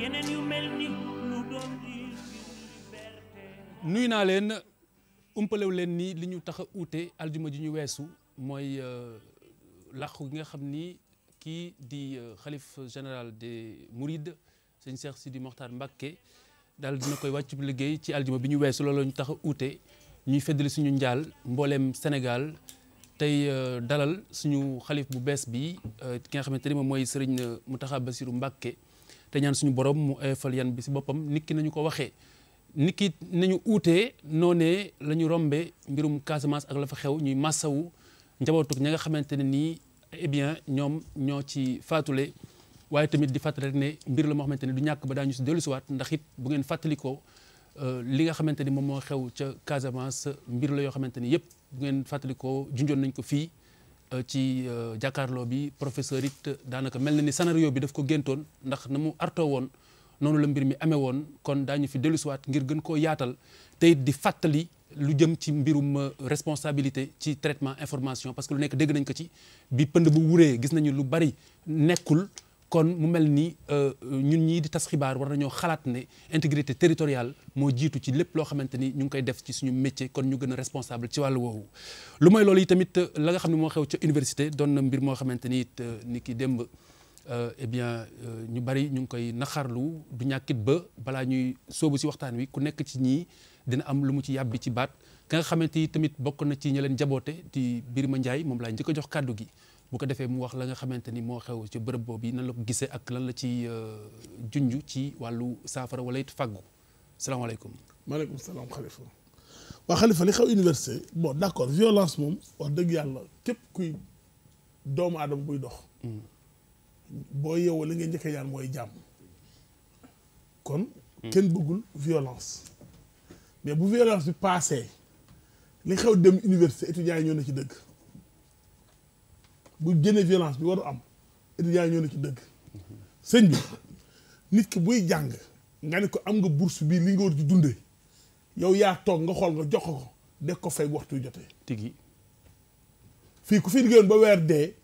yeneen naa leen umpalew leen nii li ñu tax a uute aljuma ji ñu weesu mooy euh, làqu gi nga xam ni kii di euh, xalif général des Mourides sëñ Cheikh Sidi Mokhtar Mbacké daal dina koy wàccu liggéey ci aljuma bi ñu weesu loolu ñu tax uute ñuy feddali suñu njaal mbooleem Sénégal tey euh, dalal suñu xalif bu bees bi ki nga xamante ni moom mooy sëriñ Mountakha Bassirou Mbacké te ñaan suñu borom mu oyofal yan bi si boppam nit ki nañu ko waxee nit nañu uutee noone la ñu rombe mbirum Casamance ak la fa xew ñuy massawu njabootuk ña nga xamante ne nii eh bien ñoom ñoo ci faatule waaye tamit di fàttali rek ne mbir la moo xamante ne du ñàkk ba daañu si dellu dellusiwaat ndax it bu ngeen fàttalikoo euh, li nga xamante ni moom moo xew ca Casamance mbir la yoo xamante ni yëpp bu ngeen fàttalikoo junjoon nañ ko fii Euh, ci euh, jàkkaarloo bi professeur it euh, daanaka mel na ni scénario bi daf ko géntoon ndax na mu artoo woon noonu la mbir mi amee woon kon daañu fi dellusiwaat ngir gën koo yaatal tey di fàttali lu jëm ci mbirum responsabilité ci traitement information parce que lu nekk dégg nañ ko ci bi pënd bu wuree gis nañu lu bari nekkul kon mu mel ni euh, euh, ñun ñii di tas xibaar war na nañoo xalaat ne intégrité territoriale moo jiitu ci lépp loo xamante ni ñu ngi koy def ci suñu métier kon ñu gën a responsable ci wàllu woowu. lu mooy loolu yi tamit euh, la nga xam ne moo xew ca université doon na mbir moo xamante ni it ni ki démb eh bien ñu bari ñu ngi koy naxarlu du ñàkkit ba balaa ñuy soobu si waxtaan wi ku nekk ci ñii dina am lu mu ci yàbbi ci baat ka nga xamante ni tamit bokk na ci ñi leen jaboote di ma Ndiaye moom laa njëkk a jox kàddu gi. bu ko defee mu wax la nga xamante ni moo xew ci bërëb boobu yi nan la ko gisee ak lan la ci euh, junj ci wàllu saafara wala it fàggu salaamaaleykum. maaleykum salaam Khalifa. waa Khalifa li xew université boo d' accord violence moom wax dëgg yàlla képp kuy doomu aadama buy dox. boo yeewoo li ngay njëkk a ñaan mooy jàmm. kon. kenn bëggul violence. mais bu violence bi paasee li xew dem université étudiants yi ñoo na ci dëgg. bu génne violence bi war am étudiants yi ñoo ne ci dëgg sëñ bi nit ki buy jàng nga ne ko am nga bourse bi li nga war di dundee yow yaa toog nga xool nga jox ko deg ko fay bu waxtu jotee tigi fii ku fi liggéeyoon ba weer dee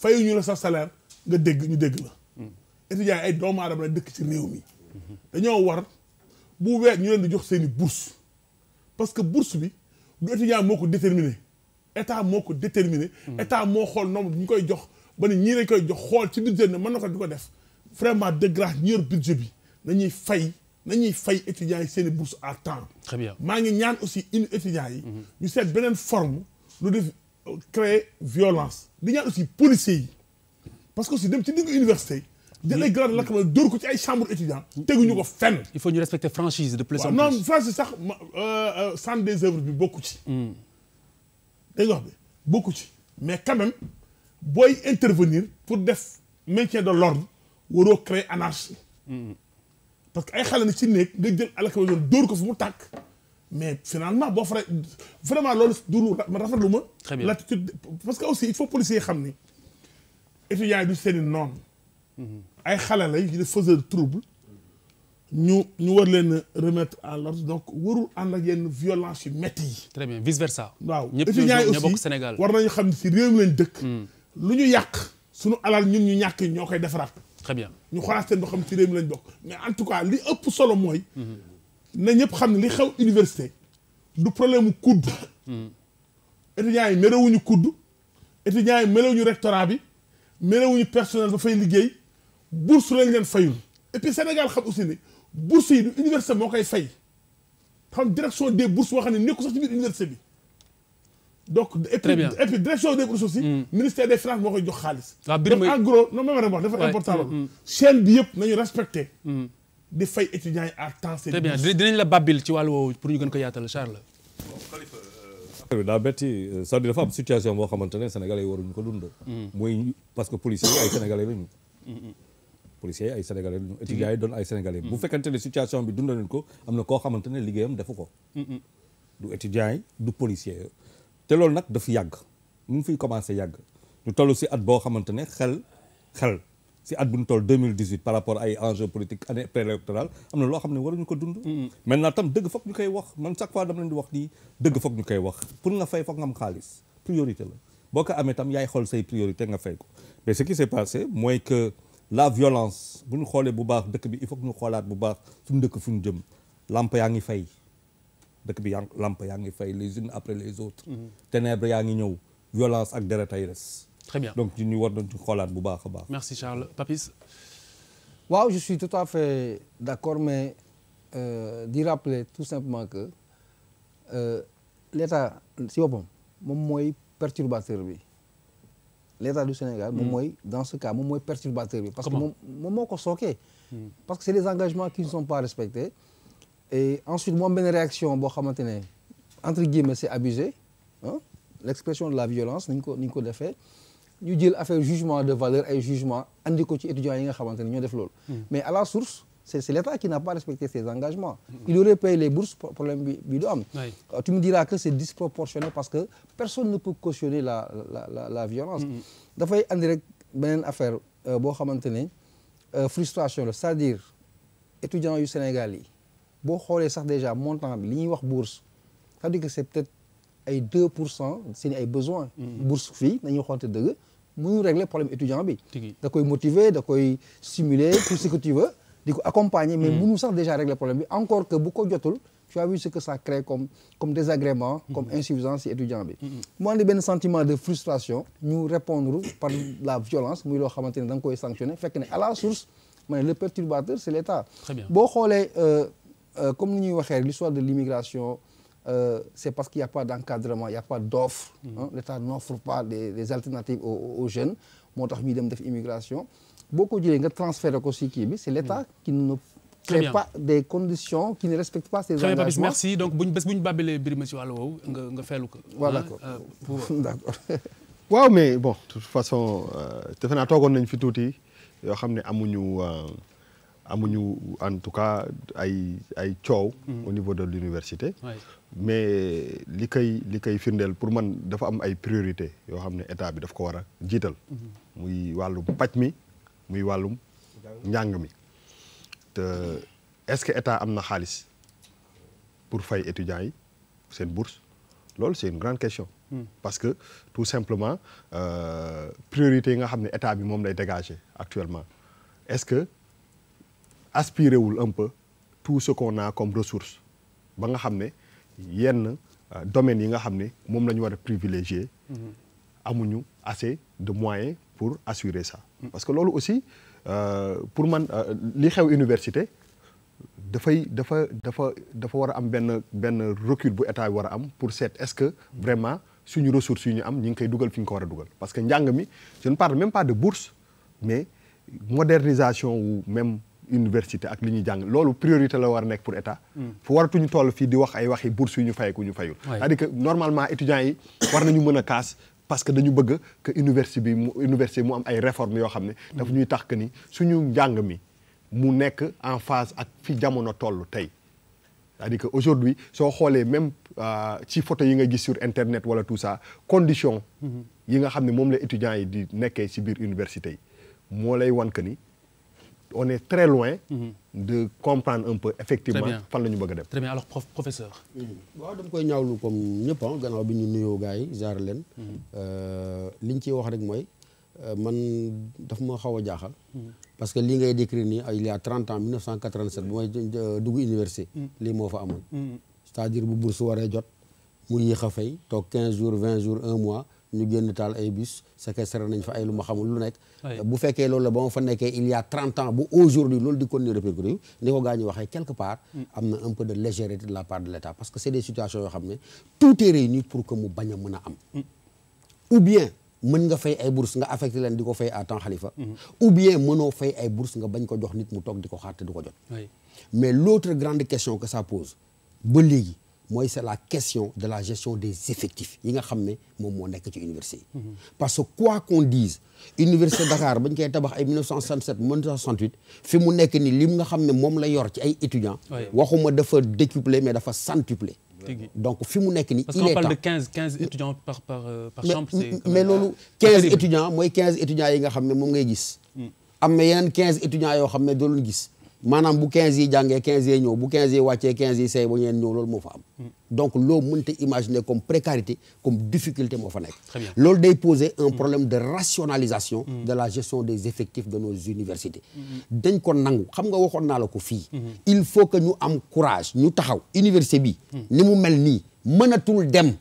fayuñu la sa salaire nga dégg ñu dégg la hmm. étudiants yi ay doomu aadama la dëkk ci réew mi dañoo war bu weer ñu leen di jox seeni bourse parce que bourse bi du étudiant moo ko déterminé état moo ko déterminé. Hmm. état moo xool nombre bu ñu koy jox ba ni ñii lañ koy jox xool ci budget ne man na ko di ko def vraiment de grâce ñu yor budget bi nañuy fay na nañuy fay étudiants yi seen i bourse à temps. très bien maa ngi ñaan aussi une étudiants yi. Hmm. ñu seet beneen forme lu def créer violence. di ñaan aussi policiers yi parce que aussi dem ci diggu université. jëlee grade lakk ma dóor ko ci ay chambre étudiant teguñu ko fenn. il faut ñu respecter franchise de plus en plus. non franchise sax euh, euh, centre des œuvres bi bokku ci. Hmm. day wax bi bokku ci mais quand booy intervenir pour def maintien de l'ordre waroo créer anarchie parce que ay xale na ci néeg nga jël alakaba doon dóor ko fu mu tàkk mais finalement boo fare vraiment loolu dulu rafetlu ma la parce que aussi il faut policiers yi xam ni étudiants yi du seeni noonu mhm. ay xale la yu faiseur de trouble ñu ñu war leen remettre à l'ordre donc warul ànd ak yenn violence yu métti yi. très bien vice versa. waaw étudiants yi aussi war nañu xam ni si réew mi lañ dëkk. Hmm. lu ñu yàq suñu alal ñun ñu ñàkk yi ñoo koy defaraat. très bien ñu xoolaat seen boo xam si réew mi lañ bokk mais en tout cas li ëpp solo mooy. na ñëpp xam ne li xew université. du problème mu kudd. Hmm. étudiants yi merewuñu kudd. étudiants yi merewuñu rectorat bi. merewuñu personnel ba fay liggéey. buur su leen fayul. et puis Sénégal xam aussi ni. bourse yi du université moo koy fay xam direction des bourses boo xam ne nekku sax ci biir université bi donc et puis direction des bourses aussi hmm. ministère des finances moo koy jox xaalis ah, donc en gros non même rek wax dafa important loolu hmm, hmm. chaîne bi yëpp nañu respecté di fay étudiants yi à temps très bien dinañ la babil ci wàllu woowu pour ñu gën ko yaatal Charles daa betti euh, c'est-à-dire dafa situation boo xamante ne sénégalais war waruñu ko dund mooy parce que policiers yi ay policiers yi ay sénégalais lañu mm-hmm. étudiants yi doon ay sénégalais mm-hmm. bu fekkante ne situation bi dund ko am na koo xamante liggéeyam defu ko mm-hmm. du étudiants yi du policiers yi te loolu nag dafa yàgg mu ngi fiy commencé yàgg ñu tollu si at boo xamante ne xel xel si at bu ñu toll 2018 par rapport ay enjeu politique année préélectorale am na loo xam ne waruñu ko dund maintenant tam dëgg foog ñu koy wax man chaque fois dama leen di wax nii dëgg foog ñu koy wax pour nga fay foog nga am xaalis priorité boo ko amee tam yaay xool say priorité nga fay ko la violence bu ñu xoolee bu baax dëkk bi il faut que ñu xoolaat bu baax suñu dëkk fu ñu jëm làmp yaa ngi fay dëkk bi yaa lamp yaa ngi fay les unes après les autres mhm. ténèbres yaa ngi ñëw violence ak deret ay res très bien donc ñu war nañu xoolaat bu baax a baax merci Charles Papis waaw je tout à fait d'accord mais euh, di rappeler tout simplement que euh, l'État moom mooy perturbateur bi l' état du Sénégal moom hmm. mooy dans ce cas moom mooy parce que moom moom moo ko sookee hmm. parce que c' est des engagements qui ne sont pas respectés et ensuite moom benn réaction boo xamante ne entre guillemets c' est abusé ah l' expression de la violence ni ko ni ñu ko defee ñu jël affaire jugement de valeur ay jugement andi ko ci étudiants yi nga xamante ne ñoo def loolu hmm. mais à la source C'est l'État qui n'a pas respecté ses engagements. Il aurait payé les bourses pour problème du homme. Euh, tu me diras que c'est disproportionné parce que personne ne peut cautionner la, violence. Mm-hmm. dafay andi rek beneen affaire euh, boo xamante ne euh, frustration la c'est-à-dire étudiants yu Sénégal yi boo xoolee sax déjà montant bi li ñuy wax bourse c'est-à-dire que c'est peut ay 2 pour cent seen ay besoins. Mm-hmm. bourse fii nañu xoonte dëgg mënuñu régler problème étudiant bi. da koy motiver koy stimuler tout ce que tu di ko accompagner mais hmm. mënu sax déjà régler problème bi encore que bu ko jotul tu as vu ce que ça crée comme comme désagrément hmm. comme insuffisance si étudiant bi hmm. mu andi benn sentiment de frustration ñu répondre par la violence mu loo xamante ne da nga koy sanctionner fekk ne à la source ma ne le perturbateur c'est l'État boo xoolee euh, euh, comme ni ñuy waxee l'histoire de l'immigration Euh, c'est parce qu'il n'y a pas d'encadrement, il n'y a pas d'offre. L'État n'offre pas des, alternatives moo tax ñuy dem def immigration boo ko jëlee nga transféré ko si kii bi c'est l'État mm. qui ne crée pas des conditions qui ne respecte pas ses engagements. Papis merci donc buñ bés buñ bàbbilee mbir mi si wàllu woowu nga nga feelu ko. waaw d'accord euh, d'accord. waaw mais bon euh, defe naa toogoon nañ fi tuuti yoo xam ne amuñu euh, amuñu en tout cas ay ay coow. Mm. au niveau de l'université. mais li koy li koy firndeel pour man dafa am ay priorité yoo xam ne état bi daf ko war a jiital. Mm-hmm. muy wàllu paj mi. muy wàllum njàng mi te est-ce que état am na xaalis pour fay étudiants yi seen bourse loolu c'est une grande question hmm. parce que tout simplement euh, priorité yi nga xam ne état bi moom lay dégager actuellement est-ce que aspiré wul un peu tout ce qu'on comme ressource ba nga xam ne yenn euh, domaines yi nga xam ne moom la ñu war a privilégier hmm. amuñu assez de moyens pour assurer ça. parce que loolu aussi euh, pour man euh, li xew université dafay dafa dafa dafa war a am benn benn recul bu état war a am pour seet est-ce que vraiment suñu ressources yu ñu am ñu ngi koy dugal fi ñu ko war a dugal. parce que njàng mi je ne parle même pas de bourse mais modernisation wu même. université ak li ñu jàng loolu priorité la war a nekk pour état hmm. fu waratuñu toll fii di wax ay waxi bourse yu ñu fayeku ñu fayul c'est-à-dire que normalement étudiants yi mën a kaas parce que dañu bëgg que université bi mu université mu am ay réformes yoo xam ne. daf ñuy tax que ni suñu njàng mi mu nekk en phase ak fi jamono toll tey. c'est-à-dire que aujourd'hui soo xoolee même euh, ci photo yi nga gis sur internet wala tout ça condition mhm. yi nga xam ne moom la étudiants yi di nekkee ci biir université yi moo lay wan que ni. on est très loin. Mhm. de comprendre un peu effectivement. fan la ñu bëgg a dem. très bien alors prof professeur. Mhm. waaw dama koy ñaawlu comme ñëpp ah gannaaw bi ñu nuyoo gars yi jaar leen. Mhm. Euh, ñu ciy wax rek mooy euh, man daf ma xaw a jaaxal. parce que lii ngay décrire nii ah, il y a 30 ans 1987 bu may dugg université. lii moo fa amoon. c'est-à-dire bu bourse waree jot mu yéex a fay toog 15 jours vingt jours un mois. ñu génn taal ay bus séquestré nañ fa ay lu ma xamul lu nekk bu fekkee loolu la ba ma fa nekkee il y a trente ans bu aujourd'hui loolu di continuer répercuté ni ko gaa waxee quelque part mm. am na un peu de légèreté de la part de l'État parce que c'est des situations yoo xam ne tout est réuni pour que mu bañ a a am mm. ou bien mën nga fay ay bourse nga affecté leen di ko fay à temps xalifa mm-hmm. ou bien mënoo fay ay bourse nga bañ ko jox nit mu toog di ko xaar te du ko jot mais l'autre grande question que ça pose ba mooy c'est la question de la gestion des effectifs yi nga xam ne moom moo nekk ci université yi mhm. parce que quoi qu'on dise université Dakar bañ koy tabax ay 1967 1968 fi mu nekk ni lim nga xam ne moom la yor ci ay étudiants waxuma dafa décuplé mais dafa centuplé donc fi mu nekk ni il est temps parce qu'on parle de 15 15 étudiants par par euh, par chambre mais loolu étudiants mooy étudiants yi nga xam ne moom ngay gis mm. am na yeneen étudiants yoo xam ne doo leen gis maanaam bu quinze yi jàngee 15 yi ñëw bu 15 yi wàccee 15 yi say ba ñeen ñëw loolu moo fa am hmm. donc loo mënta imaginer comme précarité comme difficulté moo fa nekk loolu day poser un hmm. problème de rationalisation hmm. de la gestion des effectifs de nos universités dañ ko nangu xam nga waxoon naa la ko fii il faut que ñu am courage ñu taxaw université bi ni mu mel nii mën a mënatul dem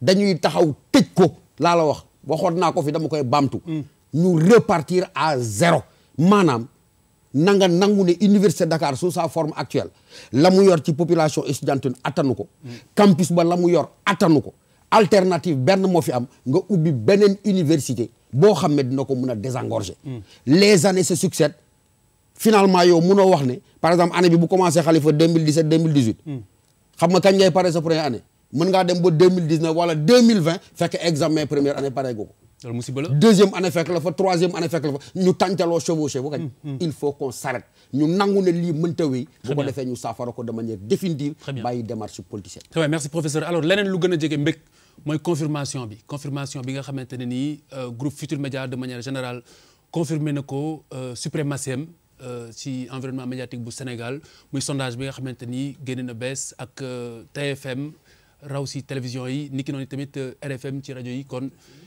dañuy taxaw tëj ko laa la wax waxoon naa ko fi dama koy baamtu ñu repartir à zéro maanaam na nga nangu ne université Dakar sous sa forme actuelle la mu yor ci population étudiantine attanu ko. campus ba la mu yor attanu ko. alternative benn moo fi am nga ubbi beneen université boo xam ne dina ko mun a désengorger. les années se succèdent. finalement yow munoo wax ne par exemple année bi bu commencé Khalifa 2017 kañ ngay pare sa première année. pare gu loolu musiba la deuxième année fekk la fa troisième année fekk la fa ñu tàncaloo chevauché bu kañ mm, mm. il faut qu'on s'arrête ñu nangu ne lii mënta wéy bu ko defee ñu saafara ko de manière définitive bàyyi démarche politicienne très bien merci professeur alors leneen lu gën a jege mbég mooy confirmation bi confirmation bi nga xamante ne nii euh, groupe Futur Média de manière générale confirmé na ko euh, suprématie am euh, ci environnement médiatique bu Sénégal muy sondage bi nga xamante ni génne na bees ak TFM raw si télévision yi niki noonu tamit euh, RFM ci rajo yi kon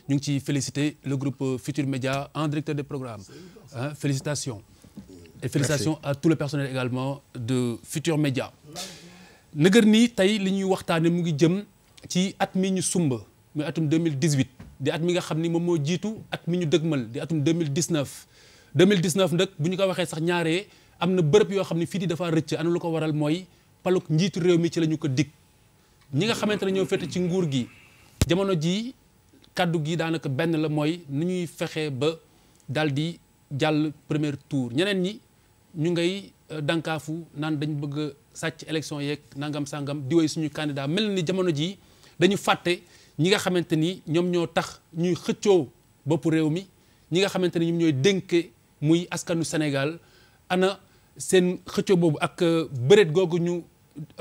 ñu ngi ciy féliciter le groupe euh, Futur Média en directeur de programme ah félicitations. et félicitations à tout le personnel également de Futur Média. nëgër nii tey li ñuy waxtaanee mu ngi jëm ci at mi ñu sumb muy atum 2018 di at mi nga xam ni moom moo jiitu at mi ñu dëgmal di atum 2019. 2019 nag bu ñu ko waxee sax ñaaree am na bërëb yoo xam ne fii di dafa rëcc ana lu ko waral mooy paluk njiitu réew mi ci la ñu ko dig ñi nga xamante ne ñoo féete ci nguur gi jamono jii kàddu gi daanaka benn la mooy nu ñuy fexe ba daal di jàll première tour ñeneen ñi ñu ngay euh, dànkaafu naan dañ bëgg sàcc élection yeeg nangam sangam di way suñu candidat mel ni jamono jii dañu fàtte ñi nga xamante ni ñoom ñoo tax ñuy xëccoo boppu réew mi ñi nga xamante ni ñoom ñooy dénke muy askanu Sénégal ana seen xëccoo boobu ak euh, bëreet googu ñu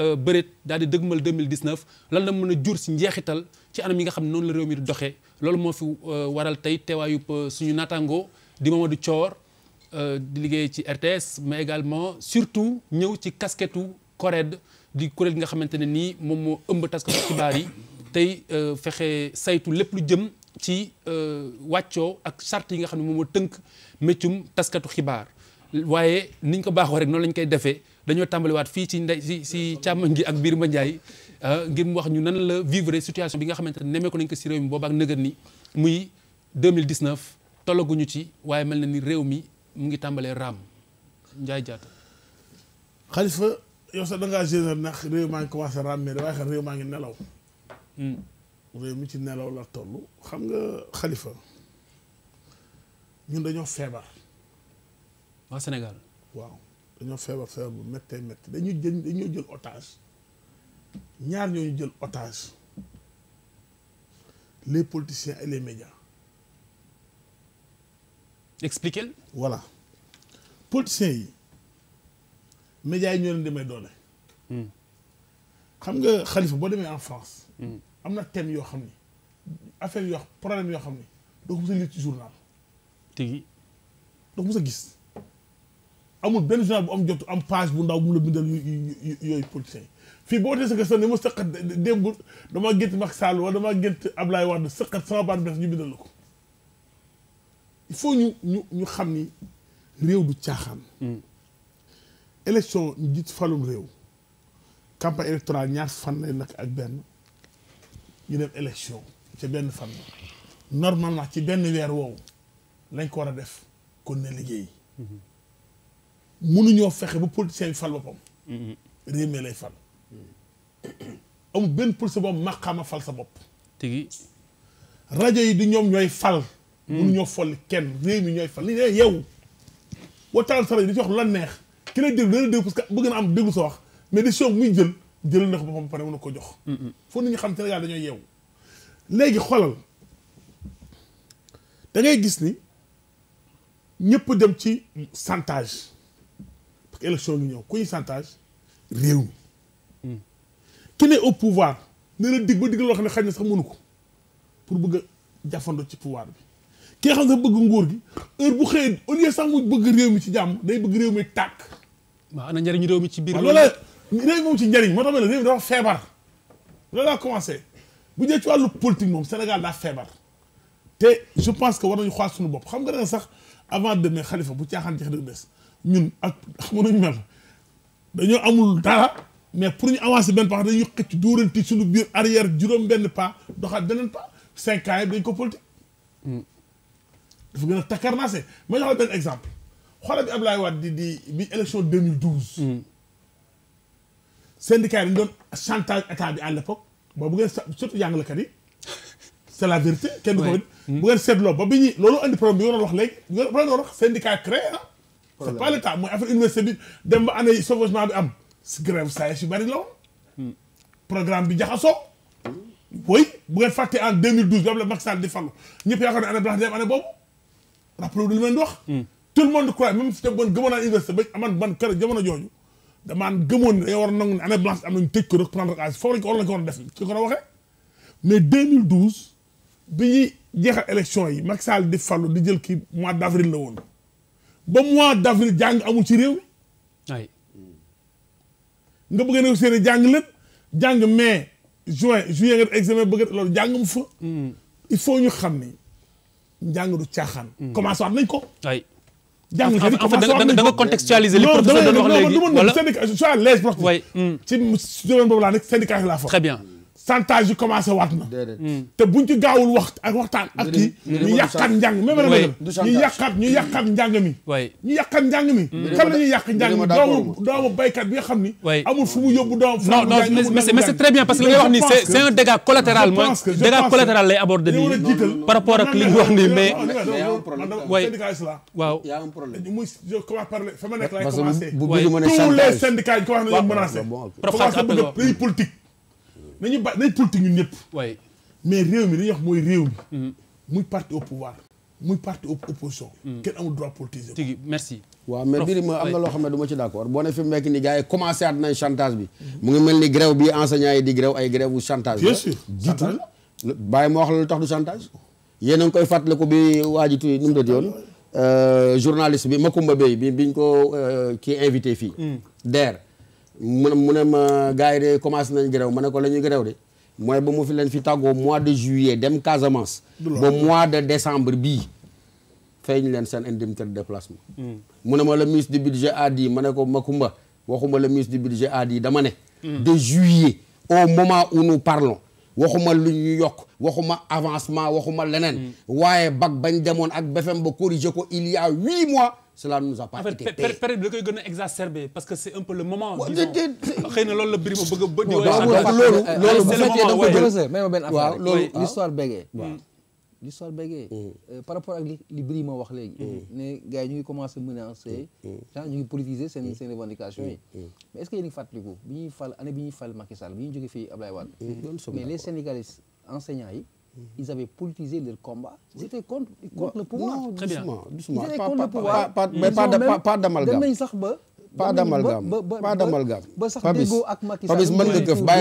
Euh, bëreet daal di dëgmal 2019 lan la mën a jur si njeexital ci anam yi nga xam ne noonu la réew mi di doxee loolu moo fi euh, waral tey teewaayu euh, suñu naataango di Mamadou Thior di liggéey ci RTS mais également surtout ñëw ci kasketu CORED di kuréel gi nga xamante ne nii moom moo ëmb taskatu xibaar yi tey fexe saytu lépp lu jëm ci wàccoo ak charte yi nga xam ne moom moo tënk méccum taskatu xibaar waaye niñ ko baaxoo rek noonu lañ koy defee dañoo tàmbaliwaat fii ci ndey si si càmm gi ak biir ma Ndiaye ah, ngir mu wax ñu nan la vivre situation bi nga xamante ne nemmeeku nañ ko si réew mi boobaak nëgër ni muy 2019 tollaguñu ci waaye mel na ni réew mi mu ngi tàmbalee raam Ndiaye Diatta. Khalifa yow sax da ngaa gérer ndax réew maa ngi commencé raam mais dafay xam réew maa ngi nelaw. Hmm. réew mi ci nelaw la toll xam nga xalifa ñun dañoo feebar. waa Sénégal dañoo feebar feebar bu méttee métti dañu jël dañoo jël otage ñaar ñoo ñu jël otage les politiciens et les médias. expliquez-le. voilà politiciens yi médias yi ñoo leen demee doole. Hmm. xam nga xalifa boo demee en France. Hmm. am na thème yoo xam ni affaire yoo problème yoo xam ni doo ko mos a lire ci journal. tegi doo ko mos a gis. amul benn journal bu am jot am page bu ndaw bu mu la bindal yooyu politiciens yi fii boo tee sa question ni ma sëqat démb damaa gént Macky Sall wala damaa gént Ablaye Wade sëqat sama baat bes ñu bindal la ko il faut ñu ñu ñu xam ni réew du caaxaan hmm. élection ñu jiit réew campagne ñaar fan ak benn ñu dem élection ci benn fan normalement ci benn weer woowu lañ ko war a def kon ne liggéey hmm. mënuñoo fexe ba politicien bi fal boppam. Mhm. réew mi lay fal. Mhm. amul benn politicien boobu maqaama fal sa bopp. tigi rajo yi di ñoom ñooy fal. Mhm. mënuñoo fol kenn réew mi ñooy fal li ñu yow. boo taal sa di ci wax neex ki lay déglu dana déglu am déglu sa wax mais décision muy jël jël na ko boppam pare mën na ko jox. foo nit ñi xam te Sénégal dañoo yeewu. léegi xolal dangay gis ni ñëpp dem ci chantage. élection ngi ñëw ku ñu chantage réew mi. ki ne au pouvoir ne la ba dig loo xam ne xaj na sax mënu ko pour bëgg a jafando ci pouvoir bi. ki nga xam ne bëgg nguur gi heure bu xëyee au lieu sax mu bëgg réew mi ci jàmm day bëgg réew mi tàkk. waaw ana njëriñu réew mi ci biir. waaw loola réew moom ci njëriñ moo tax ma ne réew mi dafa feebar. loolu laa commencé bu ñëwee ci wàllu politique moom Sénégal daa feebar te je pense que war nañu xool suñu bopp xam nga da nga sax avant demain Khalifa bu caaxaan jeex dëgg ñun ak xamu nañu mel dañoo amul dara mais pour ñu avancer benn pas dañuy xëcc dóorante suñu biir arrière juróom-benn pas doxaat beneen pas cinq ans yi dañ ko politique. Hmm. dafa gën a takkarnaase ma jox la benn exemple xoolal bi Abdoulaye Wade di di bi élection 2012. Hmm. syndicat yi dañu doon chantage bi à l'époque boobu ngeen surtout jàngalekat yi c'est la vérité. kenn du ko bu ngeen seetloo ba bi ñuy loolu andi problème bi nga doon wax léegi nga doon wax syndicat créé ah. c'est pas l'état mooy affaire université bi dem ba année sauvagement bi am si grève saa yu bëri la woon hmm. programme bi jaxasoo oui bu ngeen fàttee en 2012 boobu la Macky Sall di fallu ñëpp yaakaar ne année blanche di am année boobu rappelé lu leen di wax hmm. tout le monde croit même si naa université aman ban kër jamono jooju damaan gëmoon ne dañoo war a am nañu tëj ko reprendre ak foofu lañ war lañ ko war a def ci ko a waxee mais 2012 bi ñuy jeexal election yi Macky Sall di falu di jël kii mois d' avril la woon ba mois d' jàng amul ci réew mi nga bëgg a négocier jàng lépp jàng mai juin juillet nga examen bëgg loolu jàng mu fa hmm. il faut ñu xam ne njàng du caaxaan hmm. commencé waat nañ ko jàng en fait da nga contextualiser li du ma hmm. ne syndicat laa nekk chantage yi commencé waat na. Hmm. te buñ ci gaawul wax ak waxtaan ak kii. ñu yàqaat njàng même rek ñu yàqaat ñu yàqaat njàng mi. ñu yàqaat njàng mi. xam nañu yàq njàng mi doomu doomu béykat bi nga xam ni. amul fu mu yóbbu doomu. non non mais c'est mais c'est très bien parce que li ngay wax ni c'est c'est un dégât collatéral mooy dégât collatéral lay aborder nii par rapport ak li ñu wax nii mais. waaye waaw. y a un problème muy je commence par fa ma nekk laay commencé. tous les syndicats yi ko wax nañu menacé. prof xaaral nañu ba nañ politique ñun ñëpp. waay mais réew mi li ñuy wax mooy réew mi. Mm-hmm. muy parti au pouvoir. muy parti opposition. Mm-hmm. kenn amul droit politiser. tigi merci. waaw mais biir ma am na loo xam ne du ma ci d' accord boo ne fi mu nekk nii gars yi commencé at nañ chantage bi. mu ngi mel ni grève bi enseignants yi di grève ay grève wu chantage. bien sûr jiitu bàyyi ma wax la lu tax du chantage. yéen a ngi koy fàttaliku bi waa jiitu nu mu doon yoon. Euh, journaliste bi Makumba Bey bi biñ ko euh, kii invité fii. Mm. DER. mu ne mu ne ma de commencé nañ grève ma ne ko la ñuy grève de mooy ba mu fi leen fi tàggoo mois de juillet dem Casamance. ba mois de décembre bii. feeñ ñu leen seen indemnité de déplacement. Hmm. mu ne ma le ministre du di mane ko ma ne ko waxuma la ministre du budget a dit dama ne. Hmm. de juillet au moment où nous parlons. waxuma lu ñu yokk waxuma avancement waxuma leneen. Hmm. waaye bag bañ demoon ak BFM ba corriger ko il y a huit mois. cela ne nous a pas été payé période bi da koy gën a exacerbé parce que c'est un peu le moment. xëy na loolu la Birima a. bu fekkee da wax léegi. Mm. ne gars ñu ngi commencé menacer. Mm. Mm. genre ñu ngi politiser seen seen revendications yi. mais est-ce que yéen a ngi fàttaliku bi ñuy fal année bi ñuy fal Macky Sall bi ñuy jógee fii Ablaye Wade. mais les syndicalistes enseignants yi. ils avaient politisé leur combat. ils étaient contre le pouvoir. très bien ils étaient contre le pouvoir. mais pas d'amalgame nañ sax ba. pas d'amalgame pas d'amalgame ba sax déggoo ak pas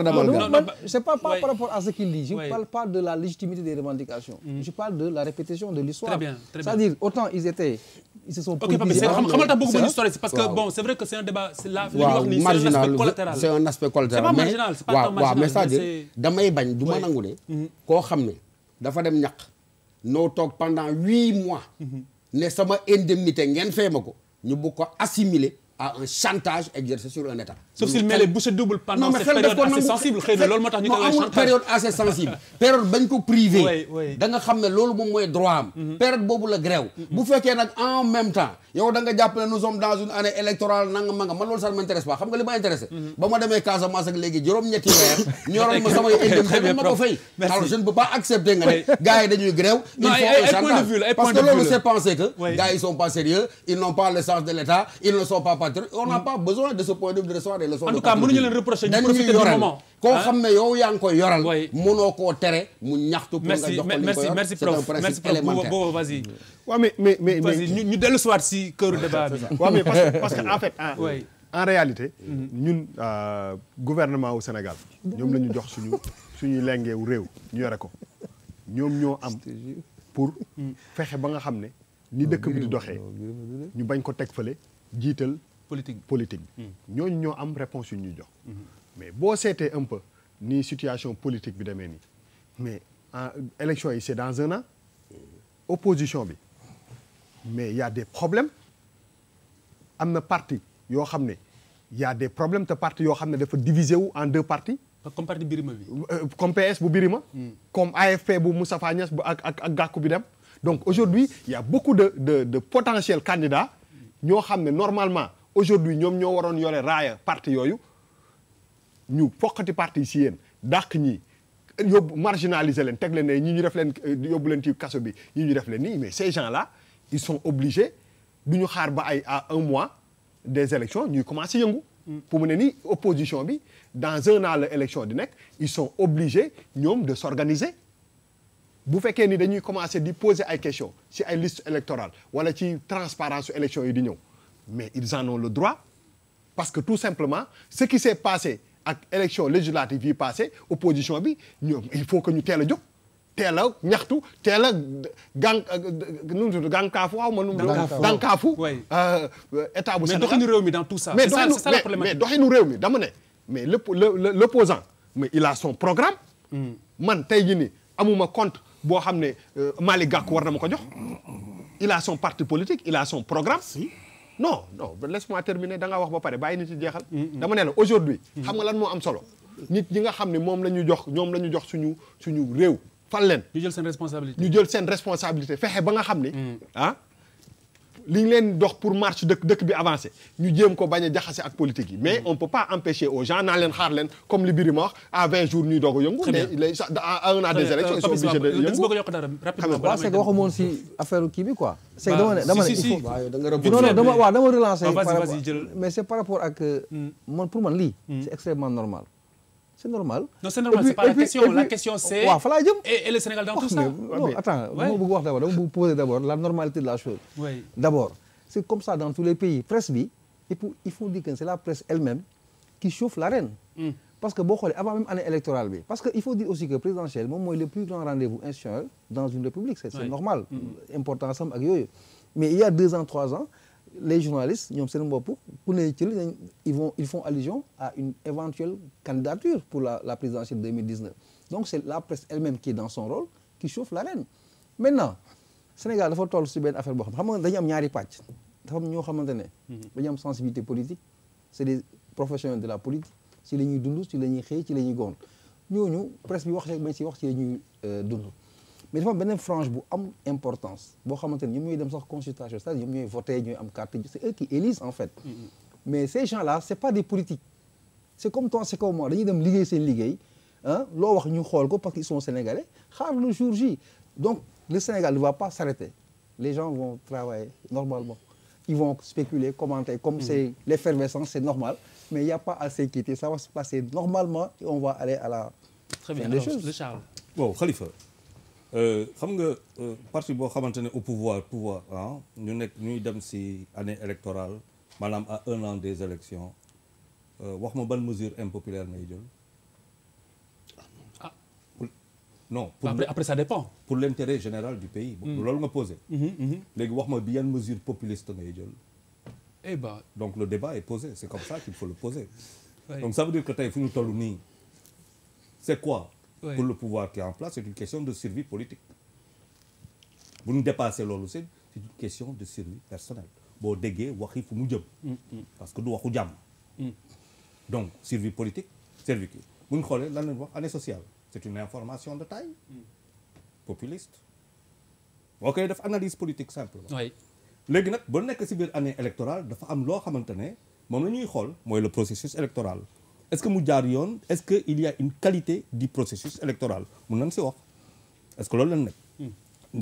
d'amalgame. pas rapport à ce qu'il dit. je parle pas de la légitimité des revendications. Mm. je parle de la répétition de l'histoire c'est-à-dire autant ils étaient. ils se sont ok Pape Seye xamal tax bëgguma ñu sori si parce que bon c'est vrai que c'est un débat c'est la li waaw mais damay bañ du ma nangu ne mhm. koo xam ne dafa dem ñaq noo toog pendant huit mois mhm. ne sama indemnité ngeen fay ma ko ñu bugg ko assimiler a un chantage exercé sur un état sauf mm, moom mooy droit am mm-hmm. période boobu la grève mm-hmm. bu fekkee nag en même temps yow da nga jàpp ne dans une année électorale nanga ma loolu ça ne m'intéresse pas xam nga li ma intéressé mm-hmm. ba ma demee Casamance léegi juróom-ñetti weer ñoroon ma samay indemnité ma ko fay alors nga ne gars yi dañuy que loolu c'est penser que gars yi sont pas sérieux ils n'ont pas le sens de l'État ils ne sont pas patriotes on n'a mm. pas besoin de ce point de vue de des leçons en tout cas mënuñu leen reprocher ñu profiter du moment koo ah. xam ne yow yaa ngi koy yoral mënoo koo tere mu ñaxtu pour nga jox ko li merci merci prof merci prof booba ñu dellu siwaat si këru débat bi waaw mais parce que en réalité mhm. ñun euh, gouvernement au Sénégal ñoom la ñu jox suñu suñuy lengeewu réew ñu yore ko ñoom ñoo am pour mhm. fexe ba nga xam ne ni dëkk bi di doxee ñu bañ ko teg fële jiital politique politique hmm. ñooñu ñoo am réponse yu ñu jox hmm. mais boo seetee un peu ni situation politique bi demee nii mais élection yi c'est dans un an opposition bi mais y a des problèmes am na parti yoo xam ne y a des problèmes te parti yoo xam ne dafa divisé wu en deux parties comme parti Birima bi euh, comme PS bu Birima hmm. comme AFP bu Moustapha Niasse bu ak ak ak Gakou bi dem donc aujourd'hui il beaucoup de de de potentiels candidats ñoo xam ne normalement aujourd'hui ñoom ñoo waroon yore raaya parti yooyu ñu foqati parti si yéen dàq ñi yóbbu marginaliser leen teg leen ne ñi ñu def leen euh, yóbbu leen ci kaso bi ñi ñu def leen nii mais ces gens là ils sont obligés du ñu xaar ba ay à un mois des élections ñuy commencé yëngu pour mu ne ni opposition bi dans un an la élection di nekk ils sont obligés ñoom de s'organiser bu fekkee ni dañuy commencé di poser ay question si ay listes électorales wala ci transparence élection yi di ñëw mais ils en ont le droit parce que tout simplement ce qui s'est passé ak élection législative yi passé opposition bi ñoom il faut que ñu teel a jóg teel a ñaxtu teel a gàn nu mu tudd ma nu mu gànkaafu euh, état bu Sénégal mais doxinu réew mi dans tout ça. mais doxinu réew mi dama ne mais le l'opposant mais il a son programme hmm. man tey jii ni amuma compte boo xam ne euh, Malick Gakou war na ma ko jox il a son parti politique il a son programme non non laisse-moi terminer da wax ba pare bàyyi nit yi jeexal. Mm, mm. dama ne la aujourd'hui mm. xam nga lan moo am solo. nit ñi nga xam ne moom la ñu jox ñoom la ñu jox suñu suñu réew. fal leen ñu jël seen responsabilité ñu jël seen responsabilité fexe ba nga xam ni. ah li leen dox pour marche dëkk dëkk bi avancé ñu jéem ko bañ a jaxase ak politique yi mais mm. on peut pas empêcher aux gens naa leen xaar li Birima wax à vingt jours ñuy doog a yëngu mais à un bi quoi c'est que ne dama dama relancer mais c'est par rapport ak euh, mm. man pour man lii mm. c'est extrêmement normal c'est normal. non c'est normal pas la question c'est. le Sénégal dans tout ça. non attends dama bëgg wax d'abord la normalité de la chose. d'abord c'est comme ça dans tous les pays presse et puis il faut dire que c'est la presse elle-même qui chauffe l'arène. Hmm. parce que boo xoolee avant même année électorale parce que il faut dire aussi que présidentielle moom mooy le plus grand rendez institutionnel dans une république c'est normal. Hmm. importance am les journalistes ñoom seen bopp ku ne ci lañ ils vont ils font allusion à une éventuelle candidature pour la la présidentielle 2019 donc c'est la presse elle-même qui est dans son rôle qui chauffe l'arène maintenant Sénégal dafa toll si benn affaire boo xam xam nga am ñaari pàcc dafa am ñoo xamante ne mhm. dañu am sensibilité politique c'est des professionnels de la politique si la ñuy dund si la ñuy xëy ci la ñuy goon ñu presse bi wax rek bañ si wax ci la euh, dund mais dafa am beneen bu am importance boo xamante ni ñoom ñooy dem sax consultation c'est-à-dire ñoom ñooy voté ñooy am carte c'est eux qui élisent en fait mm-hmm. mais ces gens-là c'est pas des politiques c'est comme toi c'est moi dañuy dem liggéey seen liggéey loo wax ñu xool ko parce qu'ils sont sénégalais xaar le jour J donc le Sénégal ne va pas s'arrêter les gens vont travailler normalement ils vont spéculer commenter comme mm-hmm. c'est l'effervescence mais il n'y a pas à s'inquiéter ça va à la très bien alors le Charles waaw Euh, xam nga euh, parti boo xamante ne au pouvoir pouvoir ah ñu nekk ñuy dem si année électorale maanaam à un an des élections euh, wax ma ban mesure impopulaire ngay jël. ah pour non. pour après, après ça dépend. pour l'intérêt général du pays. Mm. loolu nga posé. Mm-hmm, mm-hmm. léegi wax ma bi yan mesure populiste ngay jël. eh ben donc le débat est posé c'est comme ça qu'il faut le poser. donc ça veut dire que tey fu ñu toll nii c'est quoi. pour le pouvoir qui est en place c'est une question de survie politique bu ñu dépassé loolu c'est une question de survie personnelle boo déggee waxi fu mu jëm mm, mm. parce que du waxu jàmm mm. donc survie politique survie kii bu ñu xoolee lan lañ wax année sociale c'est une information de taille populiste boo koy def analyse politique simplement léegi nag ba nekk si biir année électorale dafa am loo xamante ne moom la ñuy xool mooy le processus électoral est-ce que mu jaar yoon est-ce que il y a une qualité du processus électoral mun nañ si wax est-ce que loolu lan nekk hmm.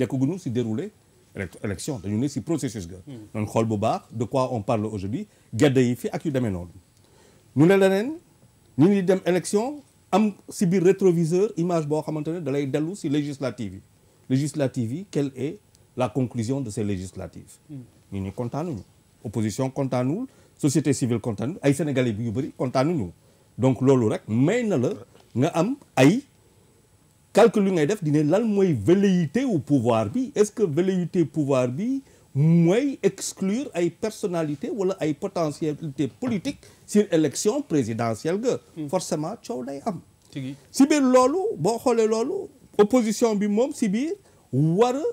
nekkaguñu si déroulé élection dañu ne si processus ga hmm. nan xool bu baax de quoi on parle aujourd'hui gedde yi fi ak yu demee noonu ñu ne leneen ñu ngi dem élection am si biir rétroviseur image boo xamante ne dalay dellu si législative yi législative yi quelle est la conclusion de ces législatives ñu hmm. ñu kontaanuñu opposition kontaanuwul société civile kontaanu ay sénégalais bi yu bëri kontaanuñu donc loolu rek may na la nga am ay calcul yu ngay def dine lan mooy velléité wu pouvoir bi est-ce que velléité pouvoir bi mooy exclure ay personnalité wala ay potentialité politique sur élection présidentielle ga hmm. forcément coow lay am si biir loolu boo xoolee loolu opposition bi moom si biir war a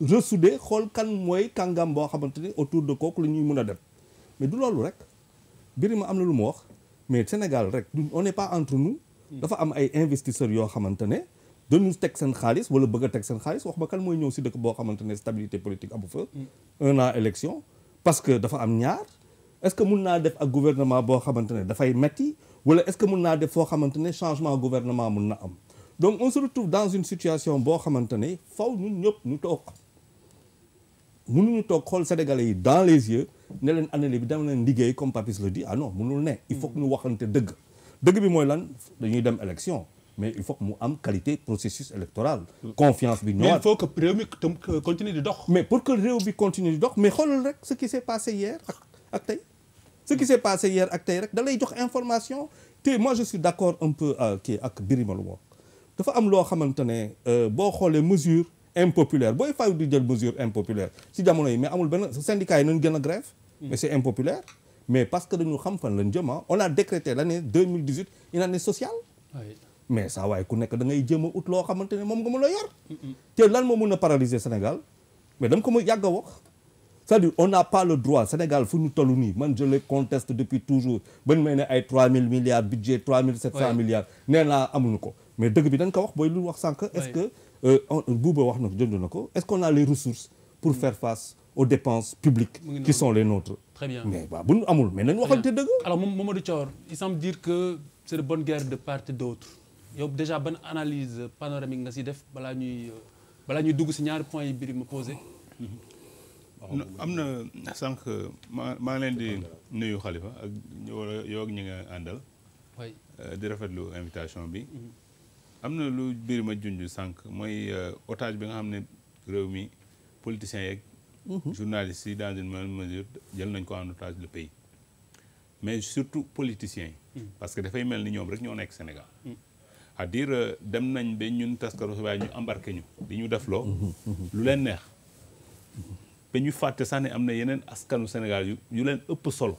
de xool kan mooy kàngam boo xamante ni autour de kooku la ñuy mun a dem mais du loolu rek Birima am na lu mu wax mais Sénégal rek on ne pas entre nous. dafa am ay investisseurs yoo xamante ne. dañu teg seen xaalis wala bëgg a teg seen xaalis wax ba kan mooy ñëw si dëkk boo xamante ne stabilité politique amu fa. un an élection. parce que dafa am ñaar est-ce que mun naa def ak gouvernement boo xamante ne dafay metti wala est-ce que mun naa def foo xamante ne changement gouvernement mun na am. donc on se retrouve dans une situation boo xamante ne faw ñun ñëpp ñu toog mënuñu toog xool sénégalais yi dans les yeux. ne leen annulé bi dama leen liggéey comme Papis le dit ah non mënul ne il faut que ñu waxante dëgg dëgg bi mooy lan dañuy dem élection mais il faut que mu am qualité processus électoral confiance bi ñëwaat mais il faut que réew mi continue dox mais pour que réew bi continue di dox mais xoolal rek ce qui s'est passé hier ak tey ce qui s'est passé hier ak tey rek da jox information te moi je suis d'accord un peu euh, kii ak Birima Lu dafa am loo xamante ne euh, boo xoolee mesure impopulaire booy fay di jël mesure impopulaire si jamono yi mais amul benn syndicat yi nañ gën a grève hmm. mais c'est impopulaire mais parce que dañu xam fan lañ jëm ah, on a décrété l'année 2018 une année sociale oui. mais saa da ngay jéem a ut loo xamante ne moom nga mën a yor te lan moo mun a paralyser Sénégal mais dama ko ma yàgg a wax c'est-à-dire on n'a pas le droit Sénégal fu ñu toll nii man je le conteste depuis toujours ba ñu may ne ay mille milliards budget 3700 milliards nee naa amuñu ko mais dëgg bi dañ ko wax booy lu wax sànq Euh, Bouba wax na jënd na ko est-ce qu'on a les ressources pour mm. faire face aux dépenses publiques qui sont les nôtres très bien mais waaw bu ñu amul mais nañu waxante dëgg alors moom Mamadou Thior il semble dire que c'est de bonne guerre de part et d'autre yow déjà ban analyse panoramique nga si def balaa ñuy balaa ñuy dugg si ñaari point yi biri ma posé mm-hmm. am na sànq maa maa leen di nuyu Khalifa ak yow ak ñi nga àndal euh, di rafetlu invitation bi mm-hmm. am na lu biir ma junj sànq mooy euh, otage bi nga xam ne réew mi politiciens yeeg. Mhm. journalistes yi dans une mesure jël nañ ko en otage le pays. mais surtout politiciens yi. Mhm. parce que dafay mel ni ñoom rek ñoo nekk Sénégal. Mhm. c'est-à-dire euh, dem nañ ba ñun taskaro xibaar ñu embarqué ñu. di ñu def loo. lu leen neex. ba ñu fàtte sax ne am na yeneen askanu Sénégal yu yu leen ëpp solo.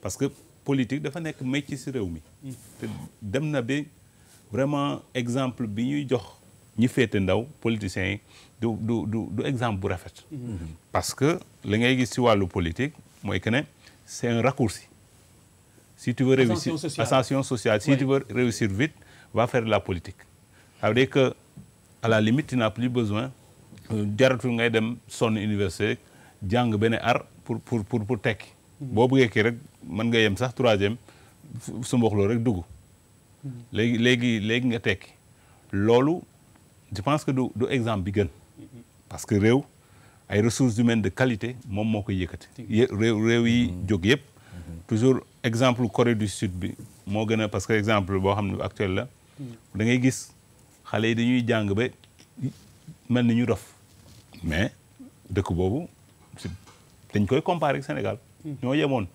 parce que politique dafa nekk métier ci réew mi. te dem na ba. vraiment exemple bi ñuy jox ñi féete ndaw politiciens yi du du du du exemple bu rafet. Mm-hmm. parce que la ngay gis ci wàllu politique mooy que ne c'est un raccourci. si tu veux réussir ascension sociale si tu veux réussir vite va faire la politique. ça que à la limite tu n'as plus besoin euh, jaratul ngay dem sonn université jàng benn ar pour pour pour tekki. Mm-hmm. boo bëggee kii rek mën nga yem sax troisième su mboxloo rek dugg. léegi léegi léegi nga tekki loolu je pense que du du exemple bi gën parce que réew ay ressources humaines de qualité moom moo koy yëkkati réew réew yi mhm. jóg yëpp mhm. toujours exemple Corée du Sud bi moo gën a parce que exemple boo xam ne actuel la mhm. da ngay gis xale yi dañuy jàng ba mel ni ñu dof mais dëkk boobu dañ koy comparer ak Sénégal ñoo yemoon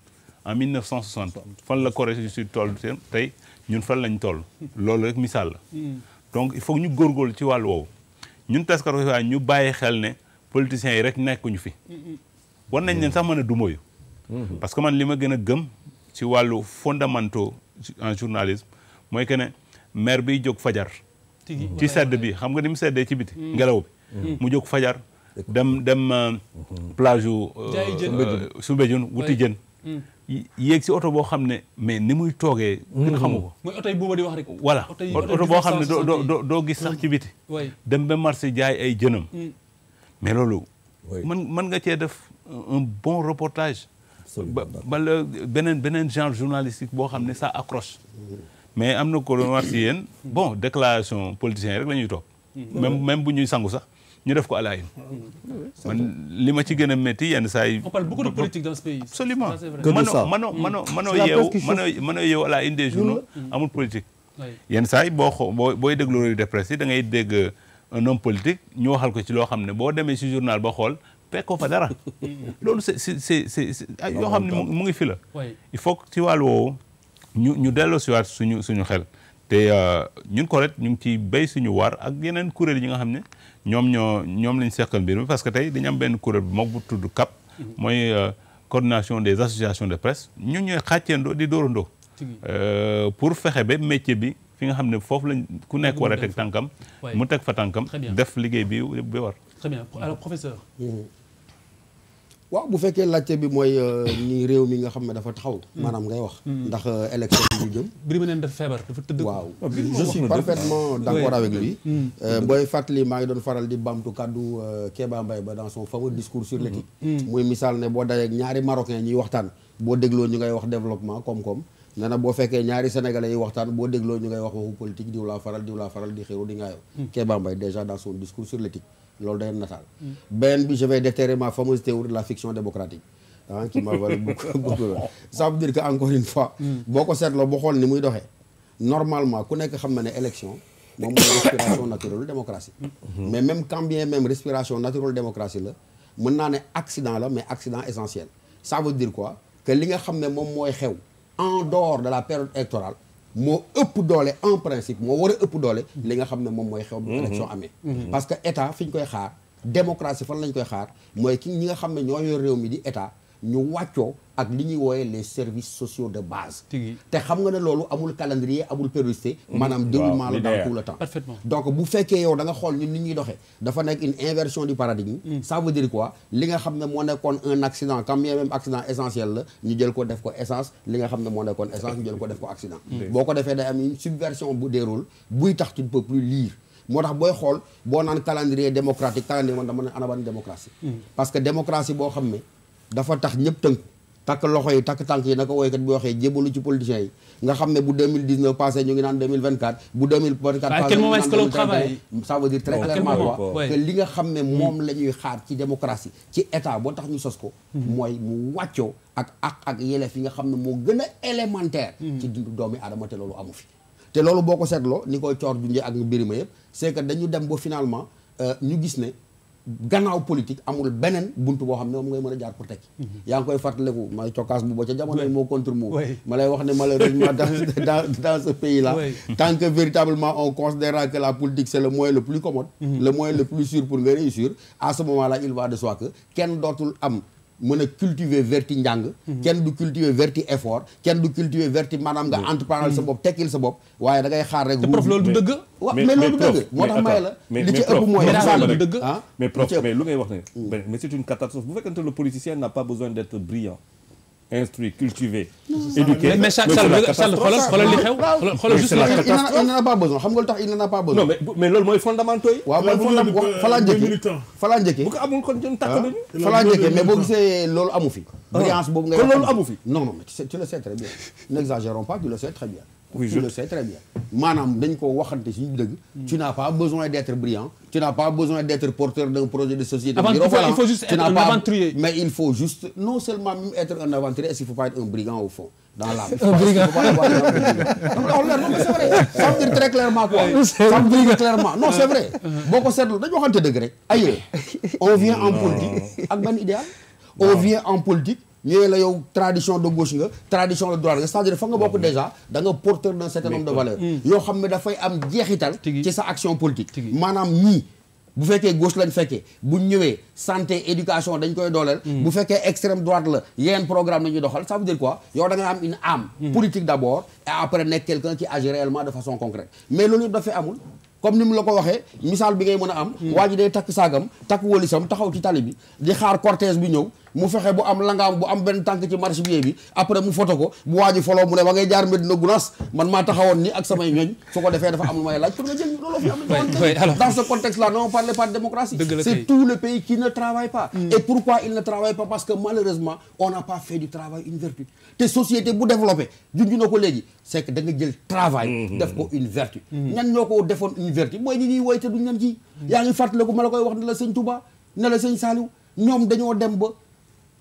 en 1960 fan la Corée du Sud tool tey ñun fan lañ toll loolu rek misaal la hmm. donc il faut ñu góorgóorlu ci wàllu woowu ñun taskatu xibaar ñu bàyyi xel ne politiciens yi rek nekkuñu fi hmm, hmm. war nañ leen sax mën a dumóoyu parce que man li ma gën a gëm ci wàllu fondamentaux en journalisme mooy que ne maire bi jóg fajar ci sedd bi xam nga ni seddee ci biti ngelaw bi mu jóg fajar dem dem euh, plage u euh, Soumbédioune wuti jën yéeg si oto boo xam ne mais ni muy toogee. kenn mhm. xamu ko mooy oto yi booba di wax rek. voilà oto boo xam ne doo doo doo gis sax ci biti. dem ba marché jaay ay jënam. Mm. mais loolu. man man nga cee def un bon reportage. ba ba beneen beneen genre journalistique boo xam ne ça accroche. mais am na ko doon war yéen. Mm. bon déclaration politicien rek la ñuy topp. Mm. même même bu ñuy sangu sax. ñu def ko à man li ma ci gën a métti yenn saa yi. on parle beaucoup de politique dans ce pays. absolument mënoo mënoo mënoo mënoo yeewu mënoo mënoo yeewu à la une des mm. journaux amul politique. yenn saa yi boo xoo boo booy déglu revue de da ngay dégg euh, un politique ñu waxal ko ci loo xam ne boo demee si journal ba xool fekkoo fa dara mm. loolu c'est c'est c'est yoo xam ne mu ngi fi la. il faut que wàllu woowu ñu ñu delloo si suñu suñu xel. te euh, ñun ko ret ñu ngi ci béy suñu war ak yeneen kuréel yi nga xam ne ñoom ñoo ñoom lañ seqal bi mi parce que tey dañu am benn kuréel bu mag bu tudd CAP. mooy euh, coordination des associations des presse ñun ñooy xàcceendoo di dóorandoo. Euh, pour fexe ba métier bi fi nga xam ne foofu lañ ku nekk war a teg tànkam. mu teg fa tànkam def liggéey bi bi war. waaw bu fekkee laajte bi mooy euh, ni réew mi nga xam ne dafa taxaw. Hmm. maanaam ngay wax. Hmm. ndax euh, élection bi jëm. Birima neen dafa feebar dafa tëdd. waaw ah, je suis parfaitement d'accord avec lui. Hmm. Euh, booy maa ngi doon faral di bamtu kàddu Kéba Mbaye ba dans son fameux discours sur l'éthique. muy misaal ne boo dajee ak ñaari marocain ñuy waxtaan boo dégloo ñu ngay wax développement koom-koom. ne na boo fekkee ñaari sénégalais yi waxtaan boo dégloo ñu ngay wax waxu politique diw faral diw laa faral di xéru di ngaayoo. Kéba Mbaye déjà dans discours sur loolu day nataal. beneen bi je vais déterrer ma fameuse théorie de la fiction démocratique. ah qui m'a valu dire que encore une fois. boo ko seetloo boo xool ni muy doxee. normalement ku nekk xam na ne élection. moom mooy respiration naturelle démocratie. mais même quand bien même respiration naturelle démocratie la. mën naa ne accident la mais accident essentiel. ça veut dire quoi que li nga xam ne moom mooy xew. en dehors de la période électorale. moo ëpp doole en principe moo war a ëpp doole li nga xam ne moom mooy xew bu mhm. élection amee mhm. parce que état fi ñu koy xaar démocratie fan lañ koy xaar mooy ki ñi nga xam ne ñoo yor réew mi di état ñu wàccoo ak li ñuy wooyee les services sociaux de base te xam nga ne loolu amul calendrier amul périodicité mm-hmm. maanaam déroulement la dans tout le temps donc bu fekkee yow da nga xool ñun ni ñuy doxee dafa nekk une inversion du paradigme mm. ça veut dire quoi li nga xam ne moo nekkoon un accident quand même la ñu jël ko def ko essence li nga moo nekkoon essence ñu ko def ko accident mm. boo ko defee buy tax tu ne plus lire moo tax booy xool boo naan calendrier démocratique calendrier man dama ne ana ban mm. parce que démocratie boo xam ne dafa tax ñëpp tënk takk loxo yi takk tànk yi naka woykat bi waxee jébalu ci politiciens yi nga xam ne bu 2019 passé ñu ngi naan 2024 bu 2024 passé à quel moment est-ce que l'on travaille ça veut oh, li nga xam ne hmm. moom la ñuy xaar ci démocratie ci état boo tax ñu sos ko hmm. mooy mu wàccoo ak ak ak yelef yi nga xam ne moo gën a élémentaire hmm. ci dundu doomi aadama te loolu amu fi te loolu boo ko seetloo ni koy coor junjee ak mbir ma yëpp c'est que dañu dem ba finalement euh, ñu gis ne gannaaw politique amul beneen buntu boo xam ne moom ngay mën a jaar pour mhm. yaa ngi koy fàttaliku may cokkaas bu ba ca jamono moo contre moo ma lay wax ne malheureusement dans dans ce pays là tant que véritablement on considérera que la politique c' est le moyen le plus commode mhm. le moyen le plus sûr pour nga réussir à ce moment il va de soi que kenn dootul am mën a cultiver verti njàng mhm. kenn du cultiver verti effort kenn du cultiver verti maanaam nga entrepreneur sa mhm. bopp tekkil sa bopp waaye da ngay xaar rek te prof loolu du dëgg waaw mais loolu du dëgg moo tax may la li ci ëpp mooy du dëgg mais prof mais lu ngay wax mm. n'a pas instruit cultivé. éduqué mais Sall Sall xoolal xoolal li xew. xoolal juste il n'en a pas besoin xam nga lu tax il n'en a pas besoin. mais mais mooy fondamentaux yi. waaw mooy fondamentaux falaa njëkkee falaa njëkkee. bu ko amul kon jën tàkk nañu. falaa njëkkee mais boo gisee loolu amu fi. brillance ah. boobu ngay wax kon loolu amu fi. non non pas tu le sais très bien. oui je le sais très bien maanaam dañ ko waxante si dëgg. Hmm. tu n'as pas besoin d'être brillant. tu n'as pas besoin d'être porteur d'un projet de société. avant il faut juste être un aventurier. mais il faut juste non seulement être un aventurier est-ce qu'il faut pas être un brigand au fond. dans l'âme un brigand non mais c'est vrai. ça veut dire très clairement quoi. ça veut dire clairement non c'est vrai. boo ko seetlu dañu waxante dëgg rek. ailleurs on vient en politique ñëwee la yow tradition de gauche nga tradition de droite nga cest dire fa nga bokk déjà da nga porteur d'un certain nombre de valeurs hmm. yoo xam ne dafay am jeexital ci sa action politique maanaam ñii bu fekkee gauche lañ fekkee bu ñëwee santé éducation dañ koy dooleel hmm. bu fekkee extrême droite la yeneen programme la ñuy doxal ça veut dire quoi yow da am une âme hmm. politique d'abord et après nekk quelqu'un qui agit réellement de façon concrète mais loolu yëpp dafay amul comme ni la ko waxee misaal bi ngay mën a am waa ji day takk saagam takk wólisam taxaw ci tali bi di xaar cortège bi ñëw mu fexe bu am langaam bu am benn tànk ci marché bi bi après mu foto ko bu waaji foloo mu ne wa ngay jaar Medina Gounass man maa taxawoon ni ak samay ñooñ su ko defee dafa am lu may laaj pour nga jël travaille hmm. hmm. def ko une hmm. ñan ñoo ko defoon une vertu mooy ni ñuy woyte duñ ñan ji yaa ngi fàttaliku ma la koy wax ne la sëñ Touba ne la ñoom dañoo dem ba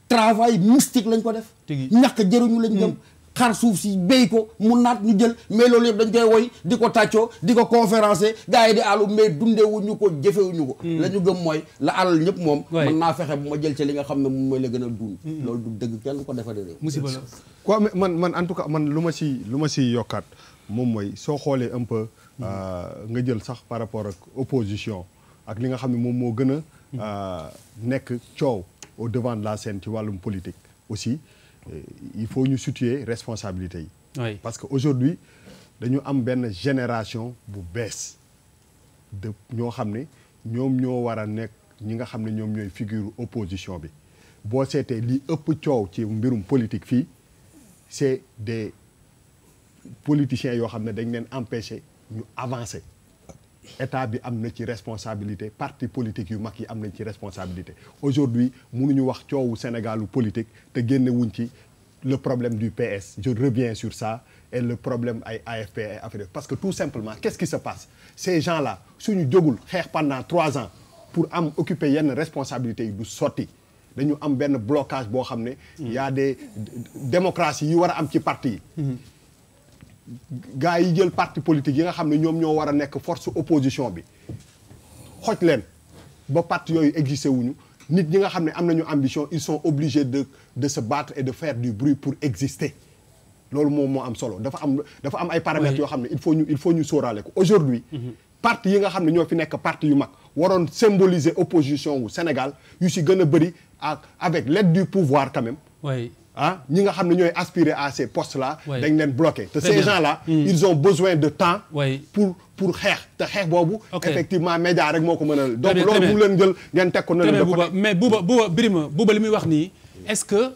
travail mystique lañ ko def. ñàkk jëruñu lañ dem. Mm. xar suuf si béy ko mu naat ñu jël mais loolu yëpp dañ koy woy di ko tàccoo di ko conférencé gars yi di àllu mais dundewuñu ko jëfewuñu ko mm. la ñu gëm mooy la alal ñëpp moom mën naa fexe bu ma jël ci li nga xam ne moom mooy la gën a dund mm. dëgg kenn ko defade réew musiba la quoi man man en tout cas man lu ma si lu ma si yokkaat moom mooy soo xoolee un peu euh, nga jël sax par rapport ak opposition ak li nga xam ne moom moo gën a euh, nekk coow au devant de la scène ci wàllum politique aussi euh, il faut ñu situer responsabilité yi oui. parce que aujourd'hui dañu am benn génération bu bees de ñoo xam ni ñoom ñoo war a nekk ñi nga xam ne ñoom ñooy figure opposition bi boo seetee li ëpp coow ci mbirum politique fii c'est des politiciens yoo xam ne dañ leen empêcher ñu avancer état bi am na ci responsabilité parti politique yu mag yi am nañ ci responsabilité aujourd'hui ñu wax coowu Sénégalu politique te génnewuñ ci le problème du PS je reviens sur ça et le problème ay AFP ay affaire parce que tout simplement qu'est-ce qui se passe ces gens-là suñu jógul xeex pendant trois ans pour am occuper yenn responsabilité yi du sotti dañu am benn blocage boo xam ne hmm. y a des démocraties war a am ci parti yi hmm. gaa yi jël parti politique yi nga xam ne ñoom ñoo war a nekk force opposition bi xoj leen ba parti yooyu existé wuñu nit ñi nga xam ne am nañu ambition ils sont obligés de de se battre et de fair du bruit pour exister loolu moom moo am solo dafa am dafa am ay paramètres yoo xam ne il faut ñu il faut ñu sóoraale ko aujourd'hui mm-hmm. parti yi nga xam ne ñoo fi nekk parti yu mag waroon symboliser opposition wu Sénégal yu si gën a bëri ak avec l'aide du pouvoir quand ah ñi nga xam ne ñooy aspirer à ces postes là. dañ leen bloqué te ces gens là. Hmm. ils ont besoin de temps. pour xeex te xeex boobu. effectivement média rek moo ko mënal. donc loolu bu leen jël ngeen teg ko. nële bu wax nii est-ce que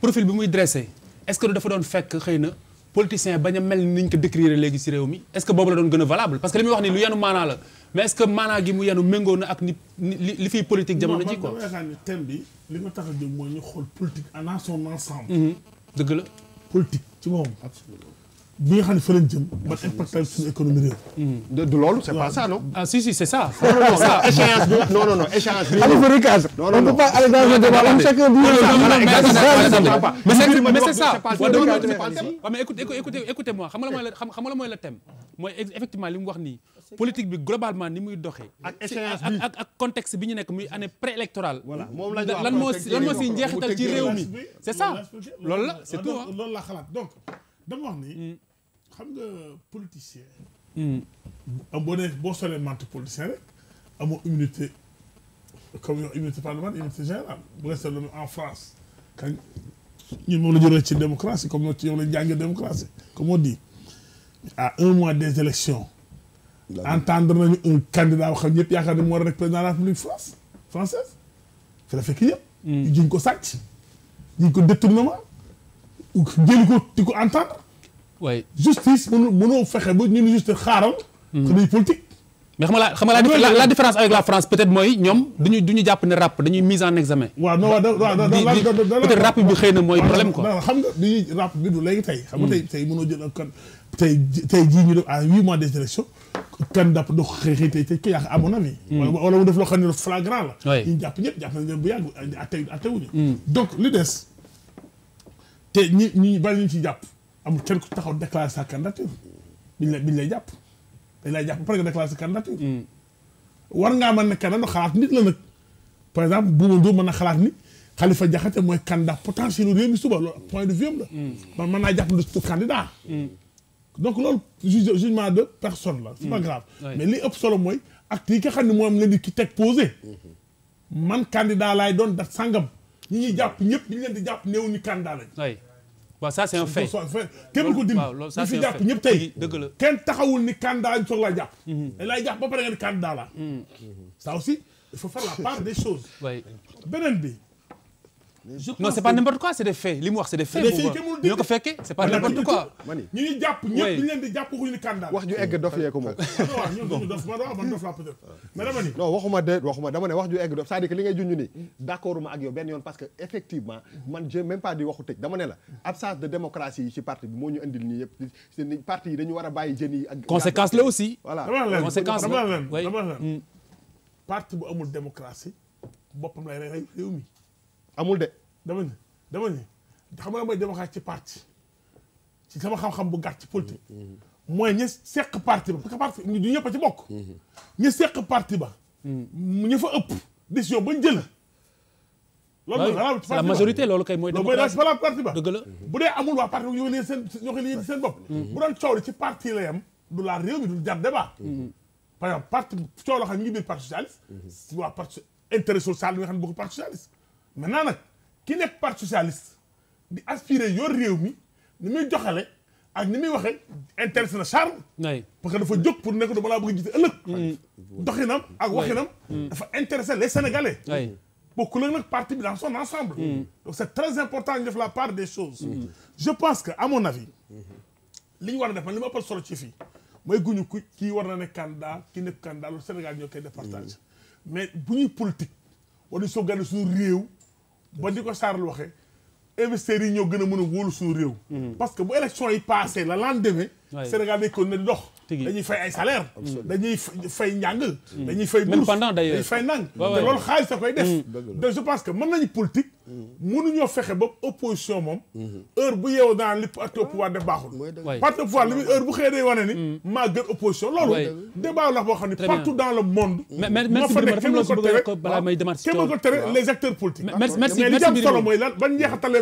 profil bi muy dressé est-ce dafa doon fekk xëy na politicien bañ a mel ni ñu ko décrire léegi ci réew mi est-ce que boobu la doon gën a valable parce que li muy wax nii lu yanu maanaa la mais est que maanaa gi mu yanu méngoo ak ni li fiy politique jamono ji quoi. bi. li ma tax a jóg mooy ñu xool politique en son ensemble. dëgg la politique ci moom. bi nga xam ne fa lañ jëm. ban impact la suñu économie réew. de de loolu c' est pas ça non. ah ça. non non non échéance bi non non non échéance bi. non non mais c' ça mais écoutez écoutez écoutez moi xam nga la mooy la xam nga la mooy la thème mooy effectivement li mu wax ni politique bi globalement ni muy doxee. ak échéance bi ak ak contexte bi ñu nekk muy année préélectorale. voilà moom la ñu wax lan moo si njeexital ci réew mi. c'est ça loolu la c'est ah tout loolu la xalaat donc dama wax ni. Mm. xam nga politicien. Mm. boo nee boo solee mante politicien rek amoo immunité comme yow immunité parlementaire immunité générale bu resté loolu en France. kañ ñun moom la jëlee ci démocratie comme yow la jàngee démocratie comme on dit à un mois des élections entendre nañu un candidat wax xam ñëpp yaakaar ne moo war a nekk président de la République France française fi la fekk yëpp. Hmm. jiñ ko sàcc jiñ ko détournement jëli ko di ko entendre. waaye justice mënoo mënoo fexe ba ñu ne juste xaaral. Hmm. xëy politique. xam nga xam nga avec la France peut mooy ñoom duñu duñu jàpp ne rap dañuy mise en examen. waaw non waaw da da peut-être rap bi xëy na mooy problème quoi. xam nga dañuy rap bi du léegi tey. xam nga hmm. tey tey mënoo jël ak kan tey tey jii ñu def à huit mois des élections kan dàpp doo xëy xëy tey tey ko yàq à mon avis hmm. wala mu def loo xam ne flagrant la ñu jàpp ñëpp jàpp hmm. te ñi ñi bari ñu ci jàpp amul kenn ku taxaw déclarer sa candidature biñ la biñ lay jàpp dañ lay jàpp ba pare nga déclarer sa candidature hmm. war ngaa man ne kanam xalaat nit la nag par exemple Bouba Ndour mën na xalaat ni Khalifa Diakhaté mooy candidat potentiel réew mi suba loolu point de vue am la man mën naa jàpp ne candidat donc loolu jugement de personne la c'est pas hmm. grave mais li ëpp solo mooy acte yi nga xam ne moom la di ki teg posé man candidat laay doon dat sàngam ñi ñuy jàpp ñëpp ñi leen di jàpp néew ñu candidat lañ waaw ça c'est un fait kenn ko dindi ñi fi jàpp ñëpp tey dëgg la kenn taxawul ni candidat ñu soog laa jàpp hmm. dañ laay jàpp ba pare nga ni candidat la hmm. ça aussi il faut faire la part des choses beneen bi non c'est pas n'importe quoi c'est des faits li mu wax c'est des faits. ñoo ko fekkee c'est pas n'importe quoi. wax ju egg dof yee ko moom. Ah, waaw dama waxuma dama ne wax ju egg dof cest à que li ngay junj nii. d'accord ma ak yow benn yoon parce que effectivement man pas di waxu tëj dama ne la absence de démocratie yi ci parti bi moo ñu indil ñii yëpp parti yi dañu war a bàyyi jën yi ak. conséquence la aussi. conséquence la dama mm. parti bu amul démocratie boppam lay rey réew mi amul de. dama ni dama ni xam nga mooy démocrate ci parti ci sama xam-xam bu gàtt ci politique. mooy ñi seq parti ba parce que parti du ñëpp ci bokk. ñi seq parti ba. ñi fa ëpp décision bañ jël. loolu mooy la majorité loolu kay mooy. démocratie loolu mooy parti ba dëgg la. bu dee amul waa parti ñoo koy liyee seen bopp. Mhm. bu doon coow la yam du la mhm. parti coow la xam ñu ngi biir parti socialiste. Mhm. waa parti intérêt social bi nga xam ne bokkul parti socialiste. maintenant nag ki nekk parti socialiste di aspirer yor réew mi ni muy joxale ak ni muy waxee intéressé na Charles. parce que dafa jóg pour nekk dama laa bëgg a jiite ëllëg. doxinam ak waxinam. dafa intéressé les sénégalais. bokkul ak nag parti bi dans son ensemble. donc c' très important ñu def la part des choses. je pense que amoon mon avis. li ñu war a def man li ma ëppal solo ci fii. mooy guñu ku kii war na nekk candidat ki nekk candidat loolu Sénégal ñoo koy départage. mais bu ñuy politique war nañu sauvegarder suñu ba di ko Charles waxee investisseurs yi ñoo gën a mën a wóolu suñu réew mhm. parce que bu élection yi passé la lendemain Sénégal day kon ne di dox dañuy fay ay salaire mhm. dañuy fay njàng dañuy fay bourse dañuy fay nang te loolu xaalis da koy def mhm. donc je pense que mën nañu politique mënuñoo fexe ba opposition moom. heure bu yeewoo daan li parti au pouvoir def baaxul. parti au pouvoir li muy heure bu xëyee day wane ni. Mm. maa gën opposition loolu. débat la boo xam ne partout dans le monde. moo fa nekk kenn ko tere tere les acteurs politiques. merci merci mais li jàpp solo mooy lan ban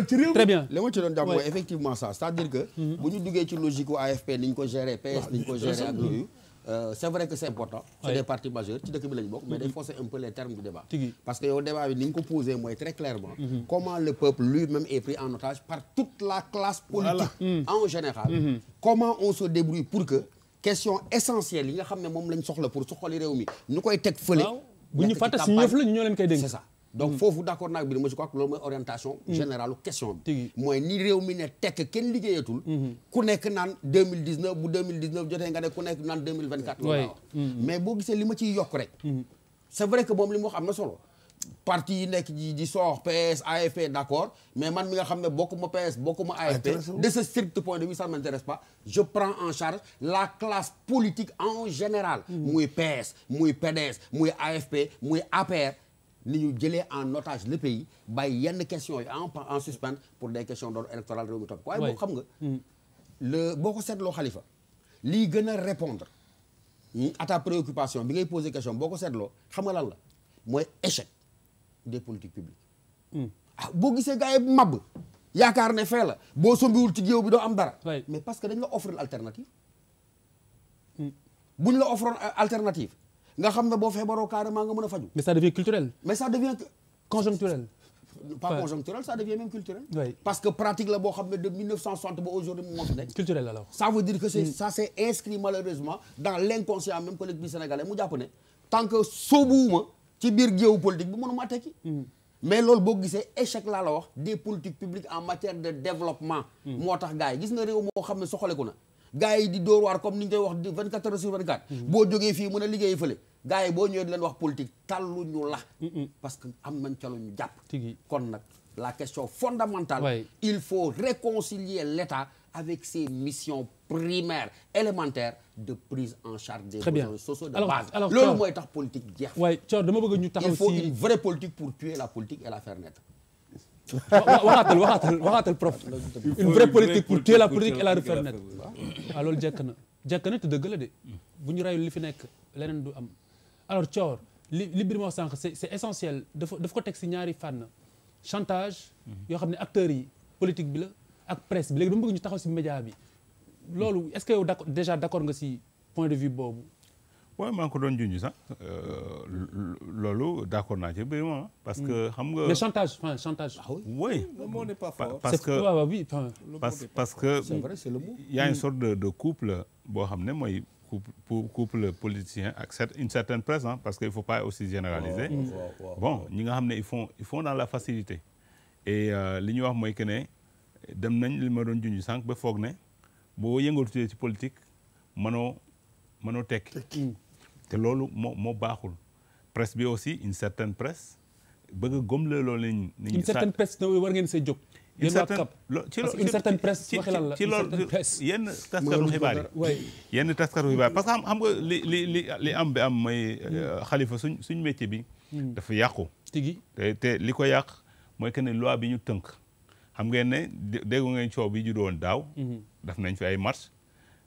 ci réew. très bien ci doon jàpp effectivement ça c'est-à-dire que. Mm-hmm. bu ñu duggee ci logique AFP ni ko gérer PS ni ñu ko gérer ak yooyu. Euh, c'est vrai que c'est important c'est des partis majeurs ci dëkk bi lañ bokk mais day mhm. fausser un peu les du débat parce que yow débat bi ni nga ko posé mooy très clairement mhm. comment le peuple lui-même est pris en otage par toute la classe politique mhm. en général comment on se débrouille pour que question essentielle yi nga xam ne moom lañ soxla pour suqali réew mi ñu koy teg fële bu ñu fàtte si ñëf la ñoo leen koy dénk c'est ça donc hmm. foofu d'accord naag bi ne monsieur Kouak loolu mooy orientation hmm. générale question bi mooy ni réew mi ne tekk kenn liggéeyatul hmm. ku nekk naan 2019 bu 2019 jotee nga ne ku nekk naan 2024 wax mais boo gisee li ma ciy yokk rek c'est vrai que moom li moo wax am na solo parti yi nekk ji di soox PS AFP d'accord mais man mi nga xam ne bokkuma PS bokkuma ah, AFP de ce strict point de vue ça m'intéresse je prends en charge la classe politique en général muy PS muy PDS muy AFP muy APR ni ñu jëlee en otage le pays bàyyi yenn questions yi en en suspens pour des questions d'ordre électoral réew mi topp waaye boo xam nga hmm. le boo ko seetloo Khalifa lii gën a répondre à ta préoccupation bi ngay poser question boo ko seetloo xam nga lan la mooy échec des politiques publiques hmm. ah boo gisee gars yi mabb yaakaar ne fee la boo sombiwul ci géew bi doo am dara mais parce que dañ la offrir alternative hmm. buñ la offroon alternative nga xam ne boo feebaroo carrément nga mën a faju mais ça devient culturel. mais ça devient conjoncturel. pas ouais. conjoncturel ça devient même culturel. Oui. parce que pratique la boo xam ne de 1960 ba aujourd'hui moo fi nekk. culturel alors. ça veut dire que c'est mm. ça inscrit malheureusement dans l'inconscient même collectif bi sénégalais mu jàpp ne tant que soobuwuma ci biir géewu politique bi mënuma tekki. Mm. mais loolu boo gisee échec laa la wax des en matière de développement. Mm. moo tax gars gis nga réew moo xam ne soxaleku na. gars yi di dóor waar comme ni ñu koy wax di 24 heures sur 24. Mhm. boo jógee fii mën a liggéey fële. gars yi boo ñëwee di leen wax politique talluñu la. parce que am nañ ca lu ñu jàpp. kon nag la question fondamentale. Oui. il faut réconcilier l'État avec ses missions primaires élémentaires de prise en charge des besoins sociaux de base loolu mooy tax politique jeex. waay Thior dama bëgg ñu taxaw si il faut une vraie politique pour tuer la politique et la faire waxaatal waxaatal waxaatal prof une vraie politique pour tuer la politique et la refaire naître ah, loolu jekk na jekk na te dëgg la de bu ñu rayul li fi nekk leneen du am alors Thior li li biir moo sànq c'est essentiel dafa dafa ko teg si ñaari fànn chantage mhm. yoo xam ne acteurs yi politique bi la ak presse bi léegi dama bëgg ñu taxaw si média bi loolu est-ce que yow d'accord déjà d'accord nga si point de vue boobu waaw maa ngi ko doon junj sax euh, loolu d' accord naa ci biir moom parce que hmm. xam nga. mais chantage enfin chantage. ah oui oui le mot n'est pas fort. parce que parce parce que. c'est le mot. y hmm. de de couple boo xam ne mooy couple couple politicien ak une certaine presse hein, parce que il faut pas aussi généraliser. bon ñi nga xam ne il font ils font dans la facilité. et euh, li ñuy wax mooy que ne dem nañ li ma doon junj sànq ba foog ne boo yëngatu ci politique mënoo mënoo tekki. te loolu moo moo baaxul presse bi aussi une certaine presse bëgg a gomle loolu lañ. nañ une certaine presse war ngeen see jóg. une certaine ci loolu une certaine presse waxi lan la ci lool yenn taskatu xibaar yi yenn taskatu xibaar parce que xam xam nga li li li li am bi am mooy xalifa hmm. euh, suñ suñ métier bi. Hmm. dafa yàqu. tigi te li ko yàq mooy que ne loi bi ñu tënk xam ngeen ne déggu ngeen coow bi judoon daaw. Hmm. daf nañ fi ay marche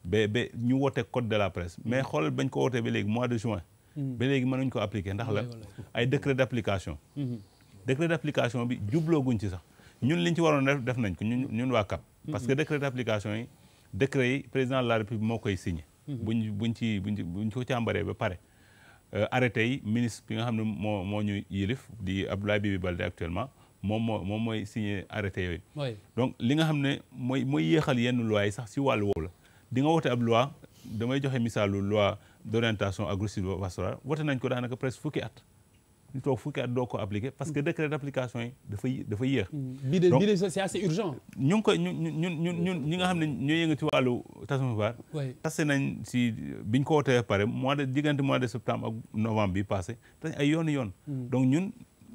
ba ba ñu woote code de la presse mm. mais xoolal bañ ko wootee ba léegi mois de juin mm. ba léegi mënuñ ko appliquer ndax la mm. ay décret d'application mm-hmm. décret d'application bi jublooguñ ci sax ñun liñ ci waroon def nañ ko ñu ñun waa mm-hmm. parce que décret d'application yi décret yi président de la république moo koy signé mm-hmm. buñ buñ ci buñ buñ ci càmbaree ba pare euh, arrêté yi ministre bi nga xam ne moo moo ñu yilif di Abdoulaye Bibi Baldé actuellement moom moo moom mooy signé arrêté yooyu donc li nga xam ne mooy mooy yéexal yenn loi sax si wàllu woowu la di nga wote ab loi damay joxe misaalu loi d'orientation agro-sylvo-pastorale wote nañ ko daanaka presque fukki at ñu toog fukki at doo ko appliqué parce que décret d'application yi dafa dafa yéex. de bii de c'est assez ñu ngi ñun ñun ñun ñi nga xam ne ñoo yëngu ci wàllu tasuma vaar. nañ si biñ ko wotee pare mois de diggante mois de septembre ak novembre bi passé te ay yoon yoon. Mm. donc ñun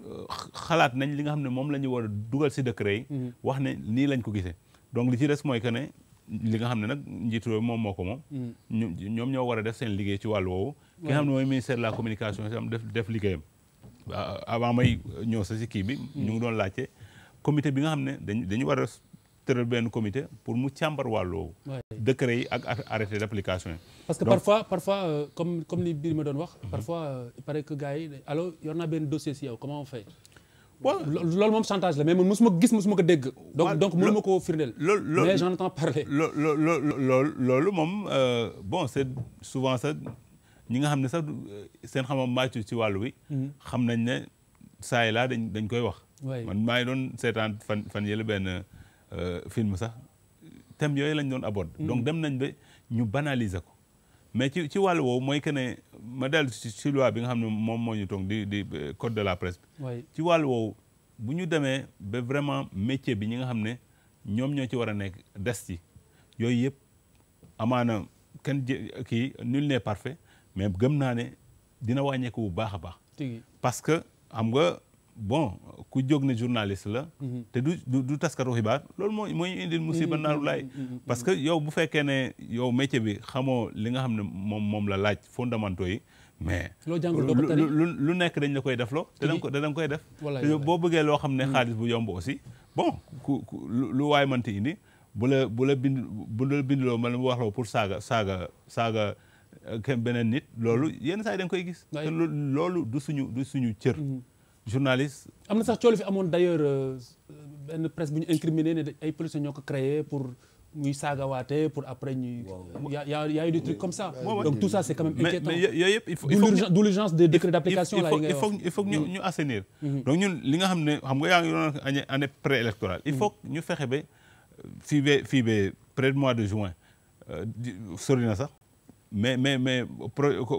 euh, xalaat nañ li nga xam ne moom la ñu war dugal si décret yi. Mm. wax ne nii lañ ko gisee donc li ci des mooy que ne. li nga xam ne nag njiitu réew moom moo ko moom mm. ñoom ñoo war a def seen liggéey ci wàllu woowu ki nga xam ne mooy ministère la communication itam def def liggéeyam avant may ñëw sa si kii bi mm. ñu ngi doon laajte comité bi nga xam ne dañ dañu war a tëral benn comité pour mu càmbar wàllu woowu décret yi ak arrêté d'application yi parce que parfois parfois euh, comme comme li biir ma doon wax mhm. parfois euh, il paraît que gars yi allo yor naa benn dossier si yow comment on fait waaw loolu moom chantage la mais man mosuma gis mosuma ko dégg. donc donc mënuma ko firndeel. loolu mais j'en entends parler. loo loolu loolu moom euh, bon c'est souvent sax ñi nga xam ne sax euh, seen xamam màccu ci wàllu wi. Mhm. xam nañ ne saa yi laa dañ dañ koy wax. man maa ngi doon seetaan fan fan yële benn euh, film sax thème yooyu lañ doon abordé. Mhm. donc dem nañ ba ñu banaliser ko. mais ci ci wàll woowu mooy que ne ma dellu ci loi bi nga xam ne moom moo ñu toog di di eh, de la presse bi ci wàll woowu bu ñu demee ba vraiment métier bi ñi nga xam ne ñoom ñoo ci war a nekk des ci yooyu yëpp amaana kenn kii nul n'est parfait mais gëm naa ne dina wàññeeku bu baax a baax parce que xam nga bon ku jóg ne journaliste la mhm. te du du taskatu xibaar loolu moo mooy indil musiba mhm. naaru laay mhm. parce que yow bu fekkee ne yow métier bi xamoo li nga xam ne moom moom la laaj fondamentaux yi mais lu nekk dañ la koy def loo te da nga koy def te boo bëggee loo xam ne xaalis bu yomb aussi bon ku lu waay mënti indi bu la bu la bind bu la bindloo ma la pour saaga saaga saaga euh, beneen nit loolu yenn saa yi koy gis te loolu du suñu du suñu cër journaliste. am na sax coolu fi amoon d'ailleurs euh, benn presse bu ñu incriminé ne ay policiers ñoo ko créé pour muy waatee pour après ñu waaw y' a y' comme ça. donc tout ça c'est quand même inquiétant. mais mais il faut d'où l'urgence des d'application là il faut ñu mm-hmm. ñu assainir. Mm-hmm. donc ñun li nga xam ne xam nga yaa ngi doon année année il faut ñu fexe ba fii ba fii ba près du mois de juin euh, sori na sax mais mais mais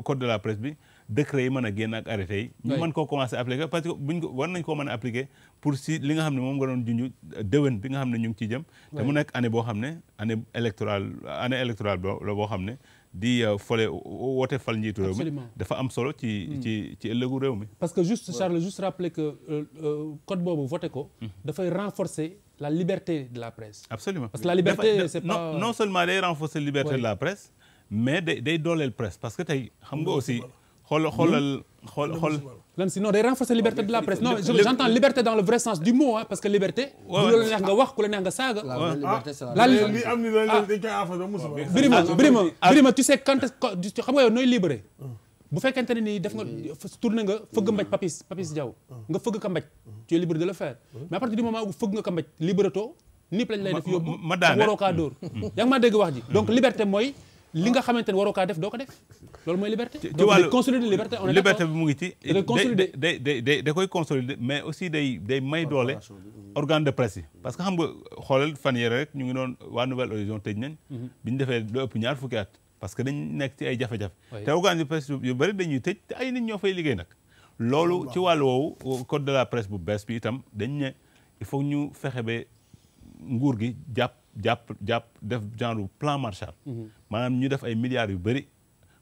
code de la presse bi. décret yi mën a génn ak arrêté yi ñu mën koo commencé appliquer parce que war nañ koo mën a appliquer pour si li nga xam ne moom nga doon junj euh, déwén bi nga xam ne ñu ngi ciy jëm te mu nekk année boo xam ne année électorale année électorale boo xam ne di euh, fole woote fal njiitu réew mi dafa am solo ci mm-hmm. ci ci ëllëgu réew mi parce que juste Charles juste rappeler que euh, code boobu voté ko mm-hmm. dafay renforcer la liberté de la presse parce que la liberté c'est pas non seulement de la presse mais day day dooleel presse parce que tey xam nga aussi Hmm? xool xoolal xool xool. day renforcer liberté de la presse non j'entends liberté dans le vrai sens du mot parce que liberté. ku la neex nga wax ku la neex nga saaga. Ah. li am ah. ah, Birima Birima tu sais quand xam nga yow nooy libéré. Hmm. bu fekkente nii def nga tourné nga fëgg mbaj hmm. papis papis Diaw nga fëgg ka mbaj tu es de le faire mais à du moment où fëgg nga ka mbaj libératoo nipp lañ lay def yóbbu waroo kaa yaa ngi maa dégg wax ji donc liberté mooy li nga xamante ne waroo kaa def doo ko def loolu mooy liberté. ci wàllu consolider liberté on est liberté bi mu ngi ci. da koy consolider mais aussi day day may doole. organe de presse yi. parce que xam nga xoolal fan yére rek ñu ngi doon waa Nouvelle Horizon tëj nañ. Mhm. bi ñu defee lu ñaar fukki at. parce que dañ nekk ci ay jafe-jafe. te organe de presse yu bëri dañuy tëj te ay nit ñoo fay liggéey nag. loolu ci wàllu woowu code de la presse bu bees bi itam dañ ne il faut ñu fexe ba nguur gi jàpp jàpp jàpp def genre plan Marshall. Mhm. maanaam ñu def ay milliards yu bëri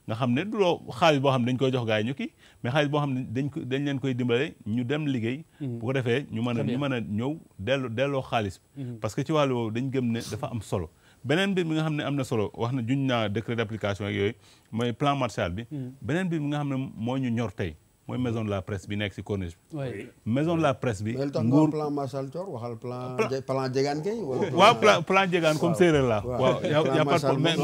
nga xam ne du loo xaalis boo xam ne dañ koy jox gars yi ñu kii mais xaalis boo xam ne dañ ko dañ leen koy dimbale ñu dem liggéey mm-hmm. bu ko defee ñu mën a ñu mën a ñëw dellu delloo xaalis mm-hmm. parce que ci wàllu woowu dañ gëm ne dafa am solo beneen mbir mi nga xam ne am na solo wax na juñ naa décret d'application yooyu mooy plan Marshall bi mm-hmm. beneen mbir mi nga xam ne moo ñu ñor tey mooy maison de la presse bi nekk si corniche bi. maison de la presse bi. nguur plan Marshal Thior waxal plan. plan Diegane kay. waaw a pas de mais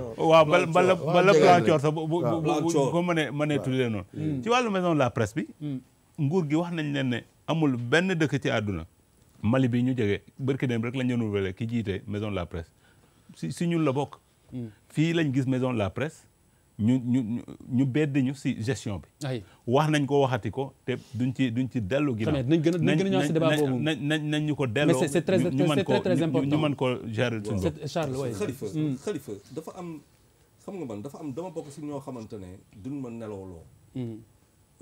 waaw bala bala mm. wàllu maison la presse bi. Mm. nguur gi wax nañ leen ne amul benn dëkk ci àdduna. Mali bi ñu jege barki dem rek la ñu renouvelé ki jiite maison de la presse si si ñun la bokk. Mm. fii lañ gis maison de la presse. ñu ñu ñu bedd ñu si gestion bi. wax nañ ko waxati ko te duñ ci duñ ci dellu ginnaaw. nañ gën a nañ gën a ñëwaat si débat nañ nañ ñu ko delloo. mais c'est très très important ñu mën ko gérer suñu bopp. Mm. dafa am xam nga man dafa am dama bokk si ñoo xamante ne duñ ma nelawloo. Mm.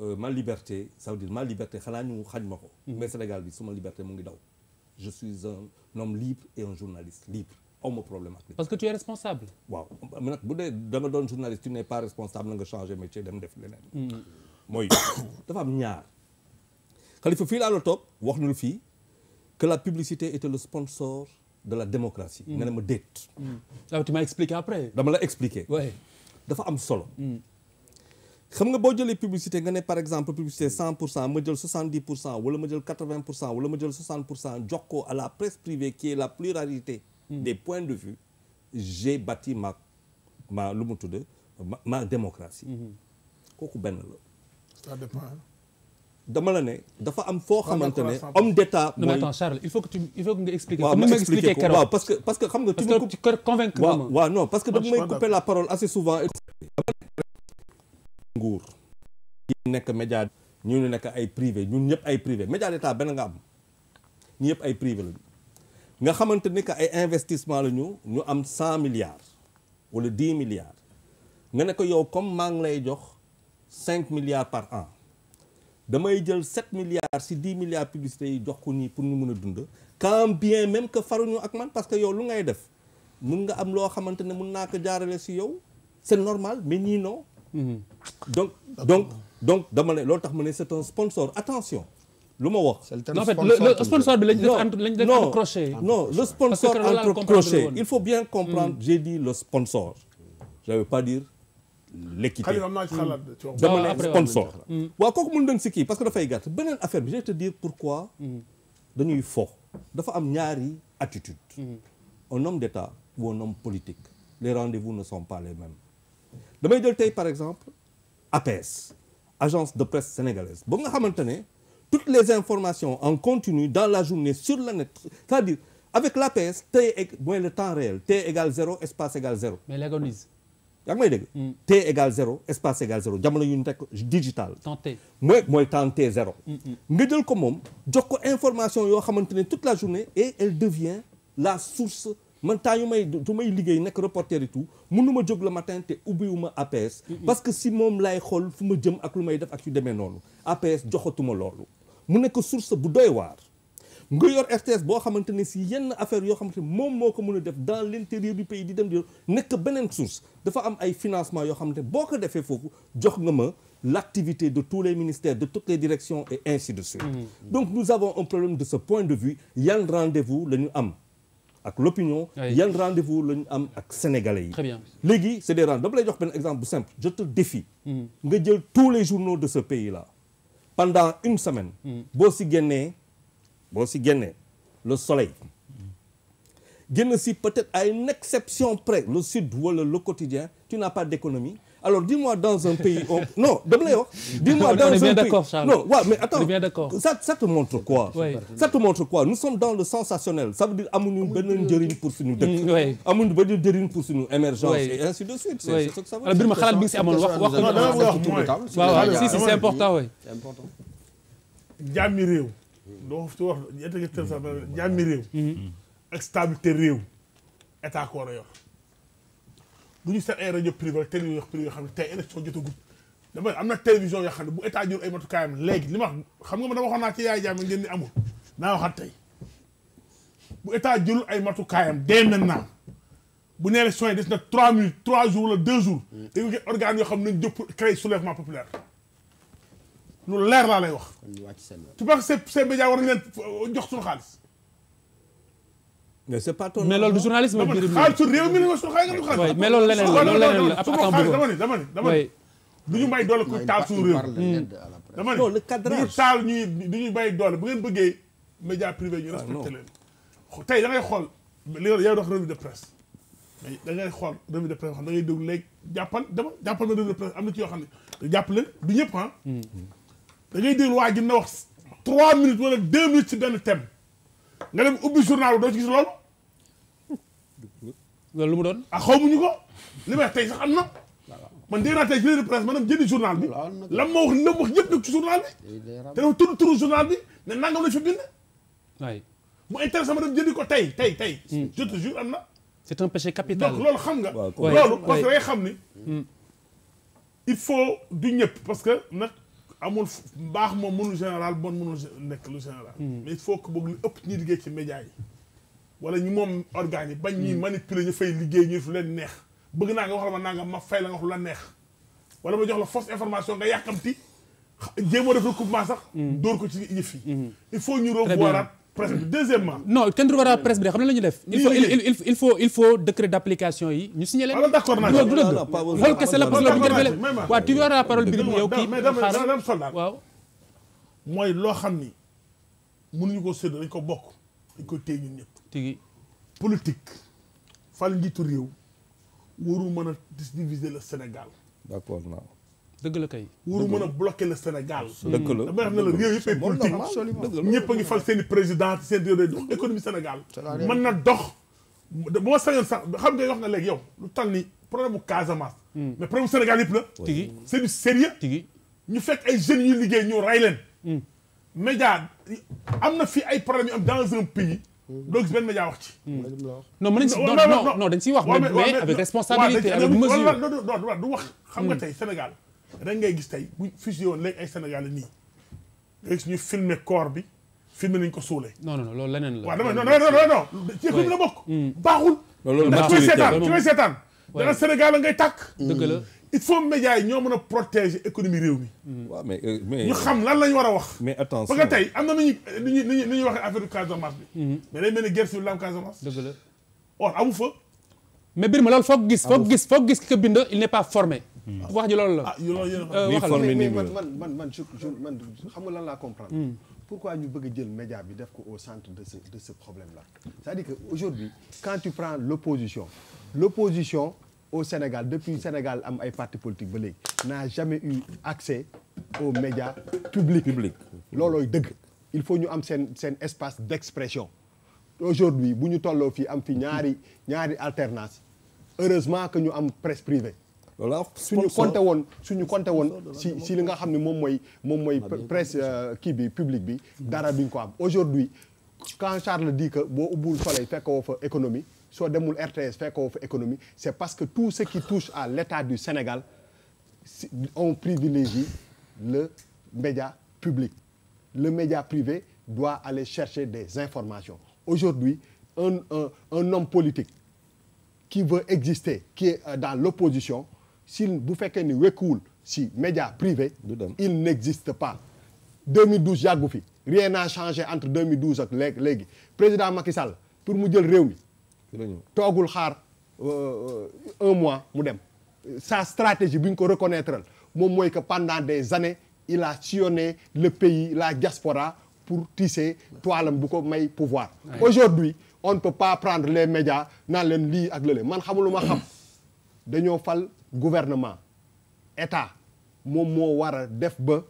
Euh, ma liberté ça veut dire ma liberté xanaa ñu xañ ma ko. Mm. mais Sénégal bi suma liberté mu ngi daw. je suis un homme libre et un journaliste libre. awma problème ak parce que tu es responsable waaw nag bu dee doon journaliste tu n'es pas responsable na nga changé métier dem def leneen hmm. mooy dafa am ñaar Khalifa fii laa la toog wax nul fii que la publicité était le sponsor de la démocratie nga hmm. ne ma déet waaw hmm. ah, tu m'as expliqué après dama la expliqué dafa am solo xam nga boo jëlee publicité nga ne par exemple publicité ma jël soixante dix wala ma jël quatre vingt pour cent wala ma jox ko à la presse privée qui est la pluralité Hmm. des point de vue j'ai bâti ma ma lu mu tudd ma, ma démocratie hmm. kooku benn la ça dépend dama la ne dafa am foo xamante ne homme d'état non il faut que tu il faut que nga expliquer waaw parce que parce que xam nga tu me convaincre waaw waaw non parce que da may couper la parole assez souvent nguur yi nekk média ñu nekk ay privé ñun ñëpp ay privé média d'état benn nga am ñu ñëpp ay privé lañu nga xamante ni que ay investissement la ñu ñu am cent milliards wala dix milliards nga ne ko yow comme maa ngi lay jox cinq milliards par an damay jël sept milliards si dix milliards publicité yi jox ko ñii pour ñu mën a dund. quand bien même que faruñu ak man parce que yow lu ngay def mun nga am loo xamante ne mun naa ko jaarale si yow c'est normal mais ñii non. Mm-hmm. donc donc donc dama ne loolu tax ma ne c'est un sponsor attention. lu ma wax. en fait le sponsor bi lañ def entre lañ def entre crochet. Ah, non le sponsor entre crochet il faut bien comprendre hmm. j'ai dit le sponsor. je ne pas dire l'équité. na am naa ci hmm. xalaat dama ah, ne sponsor. waaw kooku mën nañ si kii parce que dafay gàtt beneen affaire bi je vais te dire pourquoi. Hmm. dañuy fo. dafa am ñaari attitude. un homme d'État ou un homme politique. les rendez-vous ne sont pas les mêmes. damay jël tey par exemple APS agence de presse sénégalaise boobu nga xamante ne. toutes les informations en continu dans la journée sur la net c'est-à-dire avec l'APS t mooy le temps réel te égale zéro espace égale zéro mais légalise ya ngi may dégg hmm. te égale zéro espace égale zéro jamono yu ñu te digital mooy mooy temps t zéro hmm, hmm. nga jël ko moom jox ko information yoo xamante ne toute la journée et elle devient la source man yu may du may liggéey nekk reporter et tout mënuma jóg le matin te ubbiwuma APS parce que si moom laay xool fu ma jëm ak lu may def ak yu demee noonu APS joxatuma loolu mu nekk source bu doy waar nga yor RTS boo xamante ne si yenn affaire yoo xamante ne moom moo ko mën a def dans l' intérieur du pays di dem di nekk beneen source dafa am ay financement yoo xamante ne boo ko defee foofu jox nga ma l' activité de tous les ministères de toutes les directions et ainsi de suite mm-hmm. donc de point de vue yan rendez-vous la ñu am ak l'opinion yan rendez-vous lañu am ak sénégalais yi léegi c'est des rendez-vous dama lay jox benn exemple bu simple je te défie mm. nga jël tous les journaux de ce pays la pendant une semaine mm. boo si génnee boo si génnee le soleil génn si peut-être à une exception près le sud wala le quotidien tu n'as pas d'économie alors dis-moi dans un pays on... non dama lay wax. dis-moi dans un pays non waaw mais attends ça montre quoi. Oui. montre quoi nous sommes dans le sensationnel ça veut dire amuñu benn njëriñ pour suñu dëkk. Mm, amuñu benn njëriñ pour suñu émergence. et ainsi de suite. c'est ce que ça veut dire bi ma xalaat bi si amoon wax wax. non dama wax réew. doo ci wax jàmmi réew. Mm-hmm. ak stabilité réew. état du ñu seet ay rajo privé ak télévision privé yoo xam ne tey élection jotagul dafa am na télévision yoo xam ne bu état jur ay matukaayam léegi li ma wax xam nga ma dama waxoon naa ci yaay jaam ngeen ni amul naa waxaat tey bu état jurul ay matukaayam dès maintenant bu ne élection yi des na trois minutes trois jours wala deux jours da nga organe yoo xam ne nañ jóg pour créer soulèvement populaire lu leer laa lay wax tu penses que ces médias war nañ leen jox suñu xaalis mais c'est du journalisme bi leneen la loolu leneen la dama ne dama du ñu may doole ku taal suñu réew. dama du ñu taal ñuy du ñu may doole bu ngeen bëggee. média privé ñu ah, respecté leen. tey da ngay xool li nga yow dox de presse. mais da ngay xool revue de presse xam da ngay déglu léegi jàppal dama de presse am na ci yoo xam ne jàpp leen du ñëpp ah. Hmm. da ngay déglu waa ji na wax trois minutes wala deux minutes ci benn thème nga dem ubbi journal doo ci gis loolu. loolu lu mu doon. ah xawmuñu ko li ma tey sax am na. man dégg naa tey ci presse ma dem jëndi journal bi. lan ma wax lan wax yëpp nag ci journal bi. te dafa tudd turu journal bi ne nangam lañ fi bind. waay mu intéressé ma dem jëndi ko tey tey tey. Hmm. je te am na. c'est un péché capital donc loolu xam nga. loolu parce que day xam ni. Hmm. il faut du ñëpp parce que nag. amul mbaax moom mënul général bon mënul nekk lu général. Hmm. mais il faut que boog lu ëpp ñuy liggéey ci média yi. wala ñu moom organes yi bañ ñuy hmm. manipuler ñu fay liggéey ñu fu leen neex bëgg naa nga wax la ma nangam ma fay la nga wax la neex wala ma jox la fausse information nga yàkkamti jéemoo def recoupement sax. Hmm. dóor ko ci yëf il faut ñu revoirat presse bi deuxièmement. non kenn du presse bi de xam na la ñu def. il faut il faut il faut décret d'application yi ñu signé leen. Ah, alors d'accord naa du dëgg. xool kese la pour la bu ñu jëlee waaw tu vois la parole bi yow kii xaaral waaw. mooy loo xam ni mënuñu ko séddoo dañ ko bokk dañ ko téye ñun ñëpp. tigi politique fal njiitu réew waru mën a diviser le Sénégal. d'accord naa. dëgg la kay wuru mën a bloqué le Sénégal dëgg la dama ne la réew yëpp ay politique ñëpp a ngi fal seen i président seen réew day dox économie Sénégal mën na dox bu ma sañoon sax xam nga wax nga léegi yow lu tal ni problème bu Casamance hmm. mais problème Sénégal yëpp la tigi c'est du sérieux tigi ñu fekk ay jeunes yu liggéey ñu rey leen hmm. média am na fii ay problème yu am dans un pays hmm. doo gis benn média wax ci non mën nañ non dañ siy wax mais avec responsabilité avec mesure du wax xam nga tey Sénégal rek ngay gis tey bu fusillé woon léegi ay Sénégalais nii nga gis ñu filmer corps bi filmer nañ ko suulee. non non loolu leneen la. waaw dama non la bokk. Hmm. baaxul. loolu ndax ci seetaan ci may seetaan. dana Sénégal la ngay tàkk. Hmm. dëgg la il faut ñoo mën a protéger économie réew mi. Hmm. waaw mais euh, xam lan la ñu war a wax. mais attention parce que am na nu ñuy nu ñuy nu ñuy waxee affaire Casamance bi. mais day mel ni guerre civile la am Casamance. dëgg la or amu fa. mais Birima loolu foog gis foog gis foog gis ki ko bind il n'est pas formé. Hmm. wax ji loolu la. ah euh, mais man man man man man xam nga lan laa comprendre. Hmm. pourquoi ñu bëgg jël média bi def ko au centre de ce de ce problème là c'est-à-dire que aujourd'hui quand tu prends l'opposition l'opposition au Sénégal depuis Sénégal am ay partis politiques ba léegi n'a jamais eu accès aux médias publics. publics loolooy dëgg. il faut ñu am seen seen espace d'expression aujourd'hui bu ñu tolloo fii am fi ñaari ñaari alternance heureusement que ñu am presse privée. loolu la suñu compté woon suñu compté woon si li nga xam ne moom mooy moom mooy presse euh, kii bi public bi dara duñ ko am aujourd'hui quand Charles dit que boo ubbul soleil fekkoo fa économie soo demul RTS fekkoo fa économie c'est parce que tout ce qui touche à l'état du Sénégal on privilégie le média public le média privé doit aller chercher des informations aujourd'hui un un un politique qui veut exister qui est euh, dans l'opposition si bu fekkee ni wekkuwul si média privé il n'existe pas 2012 yàggu fi rien n'a changé entre 2012 ak léegi léegi président Macky Sall pour mu jël réew mi toogul xaar euh, euh, un mois mu dem sa stratégie bi ñu ko reconnaître moom mooy que pendant des années il a sillonné le pays la diaspora pour tisser toilam bu ko may pouvoir aujourd'hui on ne peut pas prendre les médias naan leen lii ak lële man xamulu ma xam dañoo fal gouvernement état moom moo war a def ba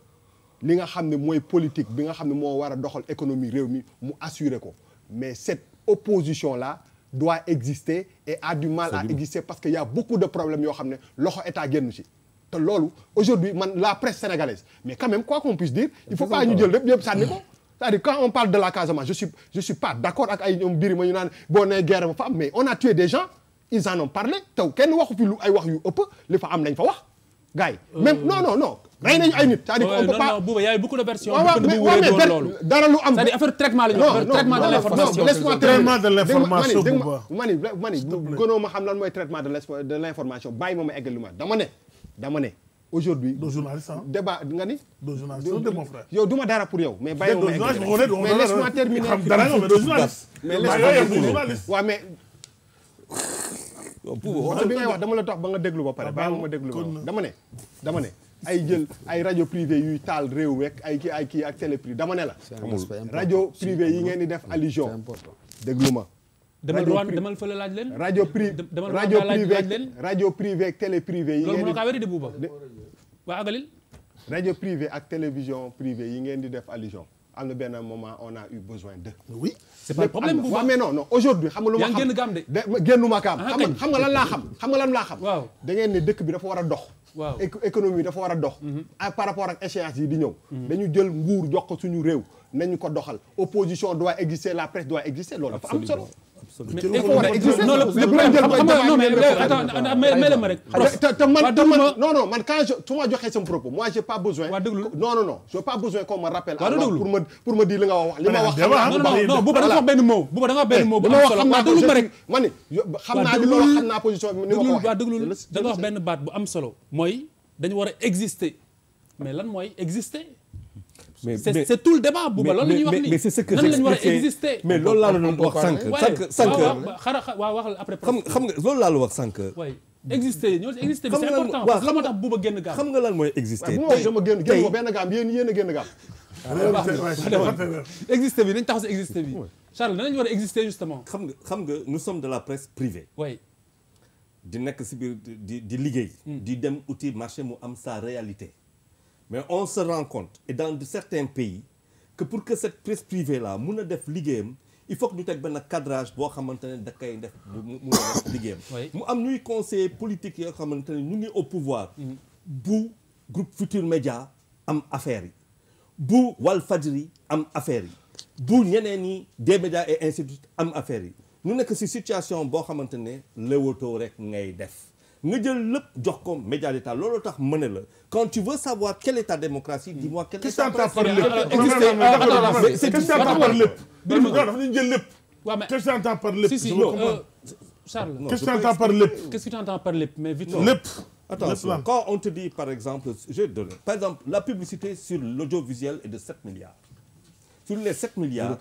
li nga xam ni mooy politique bi nga xam ne moo war a doxal économie réew mi mu assurer ko mais cette opposition la doit exister et a du mal à exister parce que y a beaucoup de problèmes yoo xam ne loxo état génn ci te loolu aujourd'hui man la presse sénégalaise mais quand même quoi qu'on puisse dire il faut pas ñu jël lépp yëpp sànni ko c'est-à-dire quand on parle de la Casamance je suis je suis pas d'accord ak ay naan boo nee guerre am mais on a tué ils en ont parlé taw kenn waxu fi lu ay wax yu ëpp li fa am nañ fa wax gars yi euh, même non non non rey nañu ay nit c'est-à-dire on peut a lu am c'est-à-dire affaire traitement la ñu traitement de l'information laisse-moi traitement de l'information ma ni ma ni gënoo ma xam ma ma eggal li ma dama ne dama ne aujourd'hui ma ma eggal mais laisse-moi terminer mais laisse-moi terminer bi ngay wax dama la tax ba nga déglu ba pare ah, ba ma déglu ba dama ne dama ne ay jël ay rajo privé yuy taal réew wekk ay kii ay kii ak télé privé dama ne la rajo privé yi ngeen di def allusion déglu ma demal Rwanda demal fële laaj leen rajo privé rajo privé rajo privé ak télé privé yi ngeen di loolu wéri de buuba waa agalil rajo privé ak télévision privé yi ngeen di def allusion am na benn moment on a eu besoin d'eux. oui c'est pas le mais non aujourd'hui xam nga lu ma xam yaa de. de génnuma gaam. Ah, xam nga xam lan laa xam. xam nga lan laa xam. waaw da ne dëkk bi dafa war a dox. waaw économie dafa war a dox. Mhm. Ah, par rapport ak échéance yi di ñëw. Mhm. dañu jël nguur jox ko suñu réew. nañu ko doxal opposition doit exister la presse doit exister loolu dafa am mais il faut a ma rek. te man te propos moi j'ai pas besoin. waaw déglu non non non j'ai pas besoin qu'on wax benn mot. Bouba da nga wax benn mot bu am solo waaw da nga wax benn baat bu am mais c'est tout le débat bu ba loolu la ñuy wax nii mais c'est ce que j'expliquais mais loolu laa wax sànq sànq sànq xara waaw waxal après xam xam nga loolu wax sànq waay exister ñoo tax a ah, si exister bi Charles danañ war a exister justement xam nga xam nga nous sommes de la presse privée di nekk si biir di di liggéey hmm. di dem outil marché mu am sa réalité mais on se rend et dans certains pays que pour que cette presse privée là mun a def liggéeyam il faut que ñu teg nag cadrage boo xamante ne da koy def mun a mu am ñuy conseiller politique yoo xamante ne ñu ngi au pouvoir mm-hmm. bu groupe Futur Média am affaire yi bu Walfadjri am affaire yi bu ñeneen ñi des médias et institut am affaire yi ñu nekk si situation boo xamante ne léwatoo rek ngay def nga jël lépp jox ko média d'état loolu tax mën na la quand tu veux savoir quelle est ta démocratie dis-moi quelle est ta démocratie quest lépp dafa ñu jël euh, euh, lépp qu'est-ce que t'entends par lépp Charles que t'entends par lépp qu'est-ce que par lépp mais Victor lépp attention quand on te dit par exemple la publicité sur l'audiovisuel est de milliards sur les 7 milliards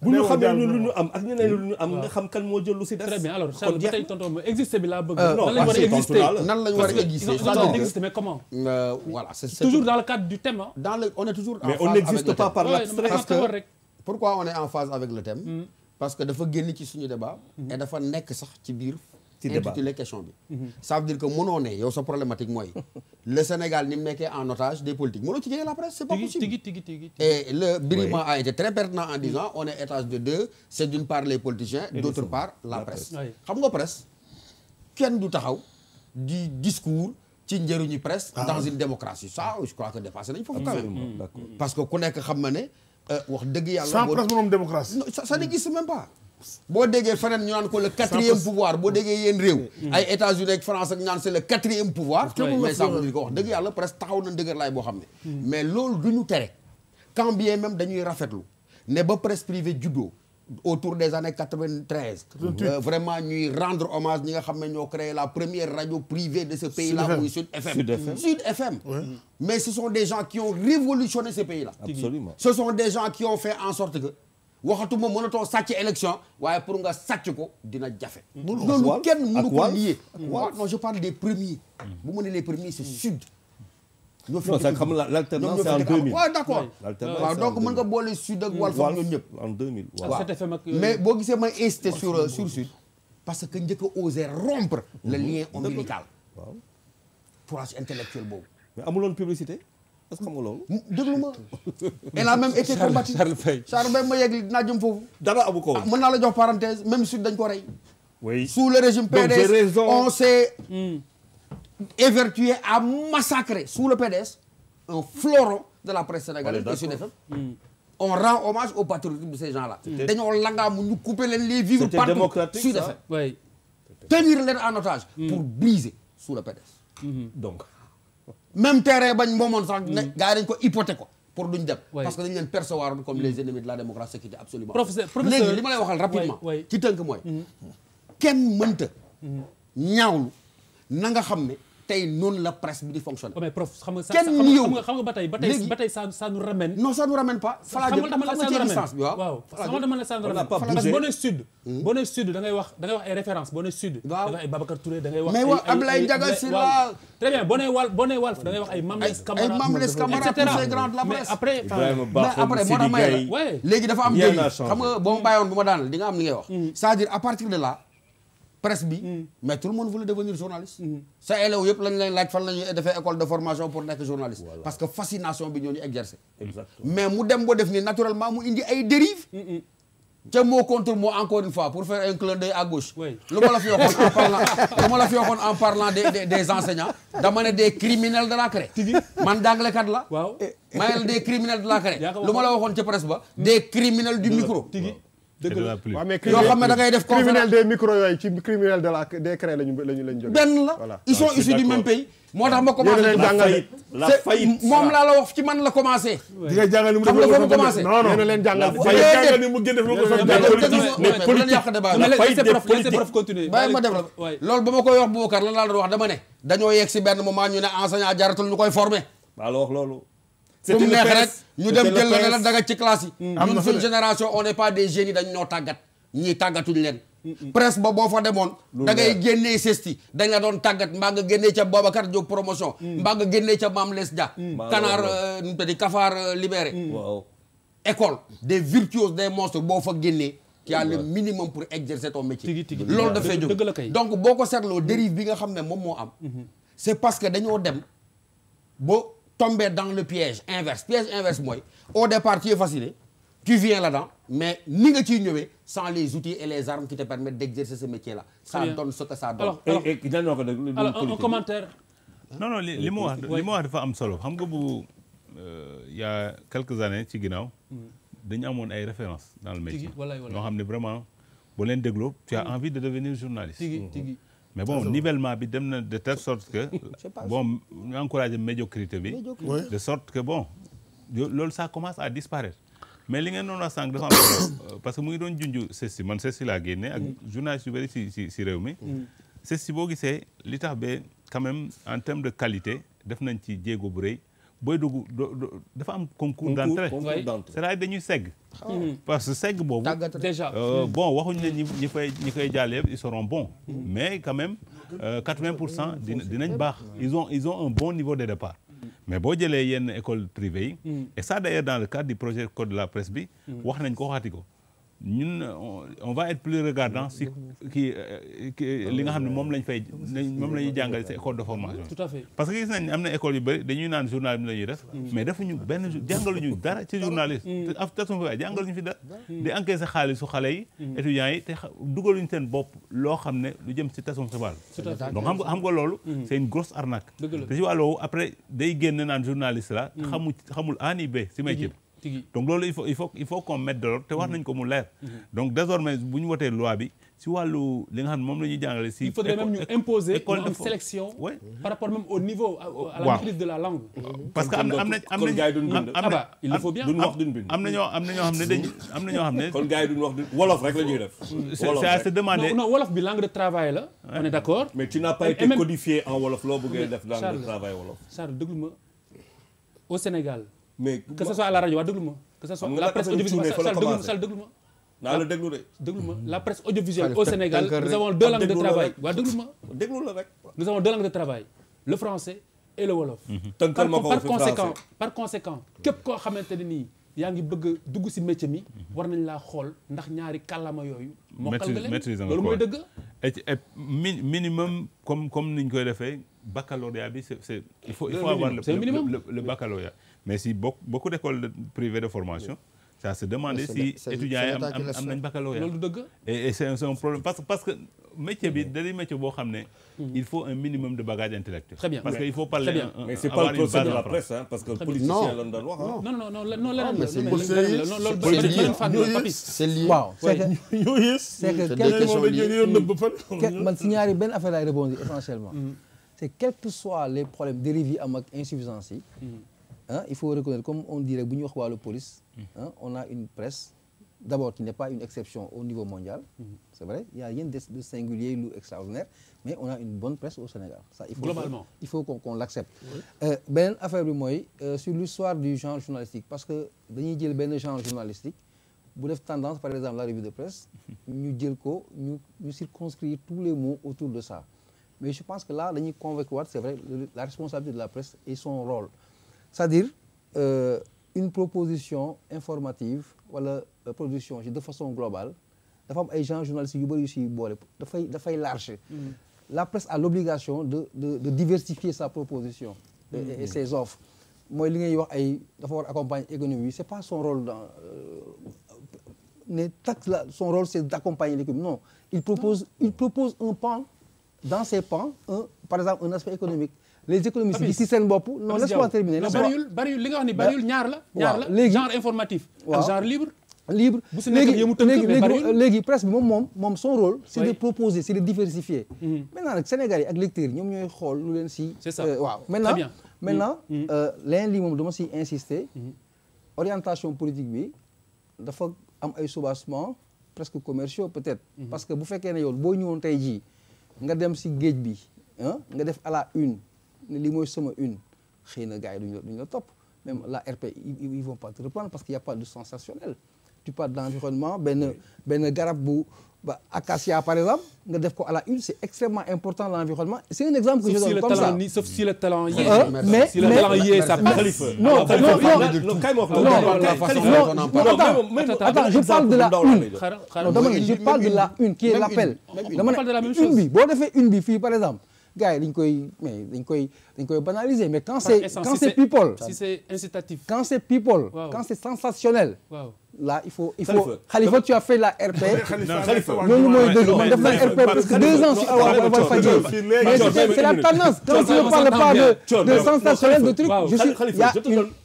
bu ñu xamee ñu am nga xam kan moo jël lu si des. très bien alors Charles ba tey tonton existé bi laa bëgg. Ah, nan la war a existé nan war a mais comment. Euh, voilà c'est toujours dans le cadre du thème dans le on toujours. en phase par l'abstrait parce hmm. parce que dafa génn ci suñu débat. Hmm. et dafa nekk sax ci biir ci intitulé question bi mhm. ça veut dire ne yow sa problématique mooy le Sénégal ni mu nekkee en otage des politiques mënoo ci jëlee la presse c'est pas possible tigi tigi tigi et le c'est d'une part kenn du taxaw di discours ci njëriñu presse ah dans une démocratie ça je que dépassé nañ foofu quand parce que ku nekk xam na ne euh, wax dëgg yàlla sans presse moom démocratie mm. boo déggee feneen ñu naan ko le quatrième pouvoir boo déggee yéen réew mm, mm. ay États-Unis ak France ak ñaan quatrième pouvoir mais ça veut ko wax yàlla presque taxaw na dëgër laay boo xam mm. mais loolu du ñu tere quand bien même dañuy rafetlu ne ba presse privée juddoo autour des années 93 euh, vraiment ñuy rendre hommage ñi nga xam ne ñoo créé la première radio privée de ce pays là muy Sud FM Sud FM, mais ce sont des gens qui ont révolutionné waxatuma too sàcc élection waaye pour nga sàcc ko dina jafe. loolu kenn mënu ko lié. waaw non je parle des premiers. Hmm. bu ma nee les premiers c'est sud. ñoo fi nekk xam nga l'alternance c'est boole sud ak Walf ñoom ñëpp. Euh, boo gisee may insisté sur euh, sud. parce que njëkk a osé rompre le mhm. lien ombilical. waaw courage intellectuel boobu. mais amuloon publicité. parce que xam nga elle a même été combattue. Charles Faye ma yegg dinaa jëm foofu. dara ah, naa la jox parenthèse même sud dañ ko rey. oui sous le régime PDS on s'est hmm. évertué a massacrer sous le PDS un fleuron de la presse sénégalaise de Sud FM. Hmm. on rend hommage au patriotisme de ces gens-là. dañoo langaamu ñu couper leen les vivres partout Sud FM. tenir leen en otage. Hmm. pour briser sous le PDS. même terrain bañ moomoon sax ne mm. gars yi dañ ko hypothèque ko pour duñ dem parce que dañ leen percevoir comme les ennemis de la démocratie qui absolument léegi li ma lay waxal rapidement ci tënk mooy mm. kenn mënta mm. ñaawlu na nga xam ne tey noonu la presse bi fonctionner. Oh, mais prof xam xam nga ba tey ba tey ba tey ça ça nous ramène. non ça nous ramène pas. falaa jëm sud. Hmm? boo da ngay wax da ngay wax ay références boo sud. waaw wax ay Babacar Touré da wax. ay Mamles Camara. Camara tous ces la presse. après Ibrahima Bakhoum Sidi Gaye bu ma daanal di am li wax. Hmm. cest dire à partir de là presse bi. Mm. mais tout le monde voulait devenir journaliste. Mm-hmm. sa élèves yëpp lañ leen laaj fan la ñuy defee école de formation pour nekk journaliste. parce que fascination bi ñoo ñu exercer. mu dem ba def ni naturellement mu indi ay dérives. ca mm-hmm. mot contre mot encore une fois pour faire un clin d'œil à gauche. lu ma la fi waxoon en parlant lu ma en parlant des des enseignants. dama ne des criminels de la CREI. man jàngalekat la. waaw ma ne des criminels de lu ma la waxoon ca presse ba. des yoo xam ne da ngay def criminel des micros yooyu ci criminel de la des cré lañu lañu lañ benn la ils sont issus du pays moo tax ma commencé jàngal la faillite moom man la commencé di nga jàngal ni mu def ko commencé non non leen jàngal loolu ba ma koy wax Boubacar la laa doon wax dama ne dañoo yegg si benn moment ñu ne enseignant jaratul ñu koy former c' mu neex rek ñu dem jël la daga ci classe yi. Mm. am ñun génération on n'est pas des génies dañ ñoo tàggat ñii tàggatuñu leen. Mm, mm. presse ba boo fa demoon. da ngay génnee sesti dañ la doon tàggat mbaa nga génnee ca booba Babacar Diop promotion. mbaa nga génnee ca Mame Less Dia. Canard euh, nu mu tuddati Cafard euh, libéré. waaw école des virtuoses des monstres boo fa génnee. qui a le minimum pour exercer ton métier. tigi tigi loolu dafay jóg donc boo ko seetloo dérive bi nga xam ne moom moo am. Mm-hmm. c' est parce que dañoo dem tomber dans le piège inverse piège inverse mooy au départ tu es fasciné tu viens là-dedans mais ni nga ciy ñëwee sans les outils et les armes qui te permettent d'exercer ce métier-là ça donne ce que ça donne non non li mu wax li mu wax dafa am solo xam nga bu il euh, y a quelques années ci ginnaaw hmm. dañu amoon ay références dans le métier ñoo xam ne vraiment boo leen dégloo tu as hmm. envie de devenir journaliste hmm. mais bon nivellement bi dem na de telle sorte que bon ñu encouragé médiocrité bi de sorte que bon loolu ça commence à disparaître mais li ngeen doon wax sànq dafa am euh, parce que mu ngi doon junju CESTI man CESTI laa génne ak mm. journaliste yu bëri si si réew mi mm. CESTI boo gisee li tax ba quand même en termes de qualité def nañ ci jéego bu rëy booy dugg dafa am concours d'entrée c'est-à-dire dañuy segg ah. Ah. parce que segg boobu déjà euh, hmm. bon waxuñ ne ñu ñi fay ñu koy jàll yëpp ils seront bons hmm. mais quand même euh, quatre-vingts pour cent hmm. dinañ baax ils ont un bon niveau de départ mais boo jëlee yenn école privée yi et ça d'ailleurs dans le cadre du projet code la presse bi wax nañ ko waxati ko ñun on va être plus regardant si euh, li nga xam ne moom lañ fay moom la ñuy jàngale si école de formation à fait parce que gis nañ am na école yu bëri dañuy naan journalisme la ñuy def mais defuñu benn jàngaluñu dara ci journaliste mm. tasum fa jàngaluñu fi dara mm. di encaisser xaalisu xale yi mm. étudiants yi te dugaluñu seen bopp loo xam ne lu jëm si tasum xibaar donc xam nga xam nga loolu c'est une grosse arnaque te si wàll woowu après day génn naan journaliste la xamu xamul ani si métier bi mm-hmm. donc loolu il faut il faut il faut qu'on te wax mm-hmm. nañ ko mu leer mm-hmm. donc désormais bu ñu wotee loi bi si wàllu li nga xam la ñuy jàngale si il faudrait ñu imposer une sélection par rapport même au niveau à la maîtrise de la langue parce que am na am na am ñoo am ne dañ am na ñoo xam ne kon gars yi duñ wax wolof bi langue de travail la on est d'accord mais tu n'as pas été codifié en wolof loo bëggee def langue de travail wolof Charles déglu ma au Sénégal mais que ce à la rajo waa ah, déglu ma. que la presse audiovisuelle sal déglu ma. naa la déglu de. déglu ma la presse audiovisuelle au Sénégal nous avons deux ah, langues de travail waa déglu ma. déglu la rek. nous avons deux langues de travail le français et le wolof. Mhm. tënkal ma ko par conséquent par conséquent képp koo xamante ne nii. yaa ngi bëgg a dugg si métier mi. Mhm. war nañ laa xool ndax ñaari kàllaama yooyu. mokkal nga leen loolu mooy dëgg. et minimum comme comme niñ koy defee baccalauréat bi c'est il faut il le le baccalauréat mais si beaucoup beaucoup d'écoles privées de formation. ça se demandait si étudiants am nañ baccalauréat et c'est un problème parce que parce que métier bi dañuy métier boo xam ne. Mhm. il faut un minimum de bagage intellectuel. parce que il faut parler. mais c'est pas le procès la presse parce que politicien lañ doon wax la loolu essentiellement. Mhm. c'est quel que soit les problèmes dérivés am ak ah il faut reconnaître comme on dirait bu ñu wax wàllu police ah on a une presse d'abord qui n'est pas une exception au niveau mondial mm-hmm. c'est vrai il y a rien de singulier lu extraordinaire mais on a une bonne presse au Sénégal ça il faut globalement qu'on l'accepte euh, beneen affaire bi mooy euh, sur l'histoire du genre journalistique parce que dañuy jël benn genre journalistique bu def tendance par exemple la revue de presse mm-hmm. ñu jël ko ñu ñu circonscrire tous les mots autour de sa mais pense que là dañuy convoquer waat c'est la responsabilité son rôle c'est-à-dire euh, une proposition informative wala euh, production de façon globale dafa am ay gens journalistes yu bëri si boole dafay dafay large mm-hmm. la presse à l'obligation de de de diversifier sa proposition et, mm-hmm. ses offres mooy li ngay wax ay dafa war économie bi c'est pas son rôle dans euh, ne la son rôle c'est d'accompagner l'économie non il propose propose un pan dans ses pans par exemple un aspect économique les économistes yi ci seen bopp. non laisse-moi terminer. bariwul bariwul li nga wax ni bariwul ñaar la. ñaar la genre informatif. waaw genre libre. libre léegi léegi léegi presse bi moom moom moom son rôle c'est de proposer c'est de diversifier mhm. maintenant nag Sénégal yi ak lecteurs yi ñoom ñooy xool lu leen si euh, waaw maintenant maintenant mhm. Mhm. Euh, leneen lii moom dama si insister orientation politique bi dafa am ay soubassement presque commerciaux peut-être parce que bu fekkee ne yoon boo ñëwoon tey jii nga dem si géej bi nga def à la une ne lii mooy sama une xëy na gars yi duñ la RP ils vont pas te reprendre parce qu'il y a pas de sensationnel tu parles d'environnement benn benn garab par exemple nga def ko la une c'est extrêmement important l'environnement c'est un exemple que sauf je donne si comme ça sauf si le talent y je parle de la une qui est l'appel dama une bi boo defee une bi fii par exemple gars yi dañ koy mais dañ koy dañ koy banaliser mais quand c'est quand c'est people si c'est incitatif quand c'est people quand c'est sensationnel là il faut il faut Khalifa tu as fait la RP loolu mooy dëgg man def naa RP presque deux ans si awa Walfadjri mais c'est la tendance quand tu ne parles pas de de sensationnel de truc je suis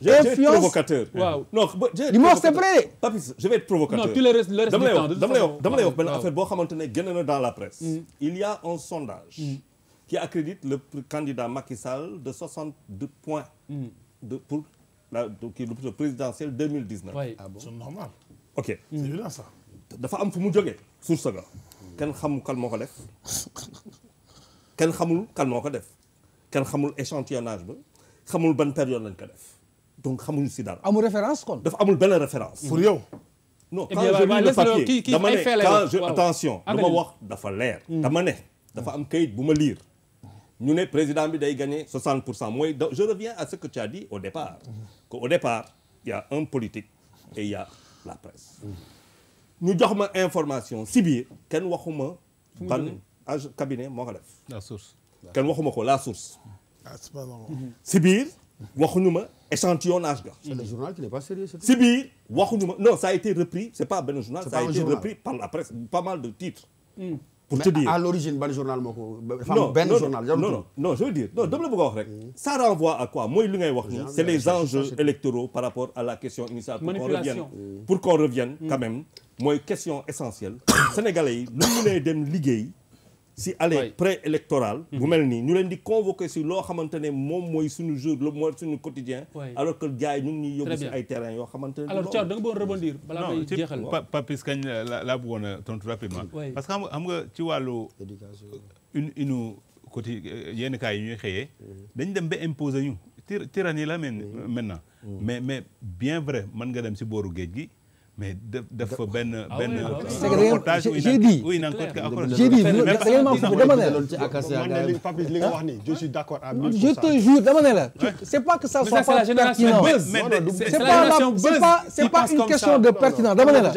il y a une influence non li ma wax c'est vrai Papis je vais être provocateur dama lay wax dama lay wax benn affaire boo xamante ne génn na dans la presse il y a un sondage qui accrédite le candidat Macky Sall de 62 points. Mm. de pour la donc le présidentiel 2019. oui ah bon c'est normal. ok c'est évident ça. dafa am fu mu jógee. suuf sa kenn xamul kan moo ko def kenn xamul kan moo ko def kenn xamul échantillonnage ba xamul ban période lañ ko def donc xamuñu si daal amul référence kon. dafa amul benn référence. pour yow. non eh quand je lis le papier dama attention. dama wax dafa leer. Hmm. dama ne dafa am kayit bu ma liir. ñu ne président bi day gagner 60 pour cent mooy je reviens à ce que tu a dit au départ que au départ il a un politique et il a la presse ñu jox ma information si biir kenn waxuma ban age cabinet moo ko def la source kenn waxuma ko la source ah, si biir waxuñu ma ga c'est le ma non ça a été repris c'est pas benn journal ça pas mal de titres hmm. pour te dire à l'origine ban journal moo ko. dafa am benn journal non non non je veux dire non dama la bëgg wax rek. Mm-hmm. ça renvoie à quoi mooy li ngay wax. c'est les enjeux électoraux par rapport à la question initiale. pour qu'on revienne pour qu'on revienne mm. quand même. mooy question essentielle. sénégalais lu mu mënee dem liggéey. si aller préélectoral gu mhm. mel nii ñu leen di convoquer si loo xamante ne moom mooy suñu jour le mooy suñu quotidien alors que gars yi ñu ngi ñuy yóbbu si ay terrain yoo xamante ne alors Thiaw da nga bëggoon rebondir balaa may jeexal papis kañ laa nga ci wàllu une une côté euh, yenn cas yi ñuy xëyee mhm. dañ dem ba imposer ñu tyrannie la mel maintenant mhm. mais mais bien vrai mën nga dem si booru géej gi mais def def fa ah benn benn. Ah reportage j'ai dit j'ai dit dama ne la. je suis d'accord à 1000% je te jure dama ne la. c'est pas que ça soit pas pertinent. c'est pas c'est pas une question de pertinent dama ne la.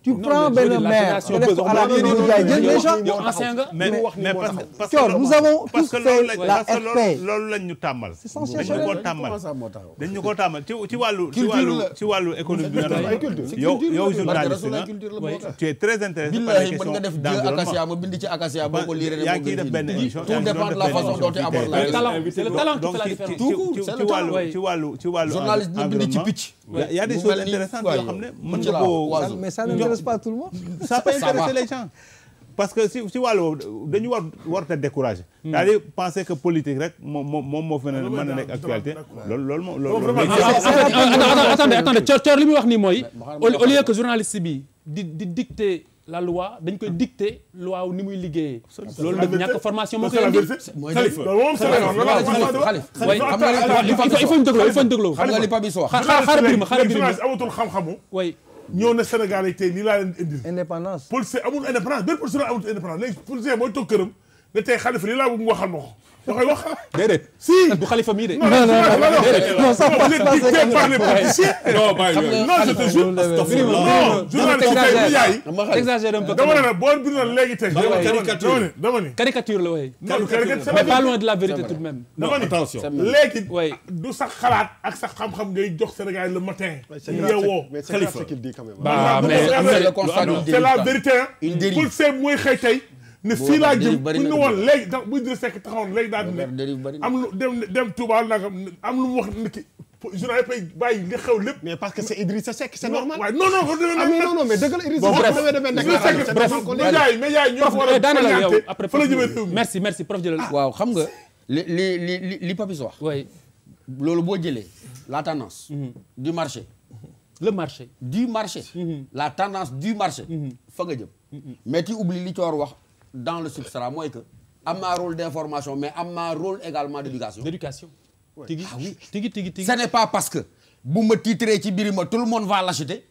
tu prends benn maire. mais parce que nous avons tous fait la FP. loolu lañ ñu tàmmal. dañ ñu ko tàmmal dañ ñu ko tàmmal ci wàllu ci wàllu ci wàllu économie yow yow journaliste nga tu es très intéressé par les questions d'environnement ma bind def benn émission tout dépend de la façon dont tu abordes la ci wàllu ci wàllu ci wàllu journaliste picc y a des choses intéressantes yoo xam ne mën nga koo mais ça n'intéresse pas tout le parce que si si wàllu boobu dañu war warut a découragé. c'est-à-dire rek moom moo fi mën a actualité. loolu moom loolu. mais attendez attendez coor coor li muy wax ni mooy. au lieu que bi di dicter la loi dañ koy dicter loi ni muy liggéeyee. loolu nag ñàkk formation moo koy indi. il faut ñu dégloo il faut ñu dégloo. xam xaaral xaaral xaaral bir ma. xam-xamu. ñëw na Sénégal yi tey lii laa leen indil. indépendance policier amul indépendance benn policier amul indépendance léegi policier mooy toog këram ne tey Khalifa lii laa bëgg mu waxal ma ko. da koy wax. déedéet si du xalifa mii de. non non non non ça passe pas c'est par les politiciens. non je te jure. non journaliste exagéré un peu. dama ne boo bind léegi tey. dama ne caricature la waaye. mais pas loin de la vérité tout de même. non attention léegi. du sax xalaat ak sax xam-xam ngay jox Sénégal le matin. yeewoo xalifa. mais c'est la vérité. il dérive mooy xëy tey ne fii laa jëm bu ñu woon léegi da bu Idrissa Seck taxawoon di mais parce que c'est Idrissa Seck c'est normal. waaw non non non non ah, mais li li li li loolu boo jëlee la tendance. Mm-hmm. du marché. Mm-hmm. le marché. du marché. Mm-hmm. la tendance di marché. fa nga jëm. mais tu oublies li Thior wax. dans le substrat mooy que am naa rôle d'information mais am naa rôle également d'éducation. d'éducation. tigi ah tigi tigi tigi. ce n'est pas parce que bu ma titré ci Birima tout le monde va l'acheter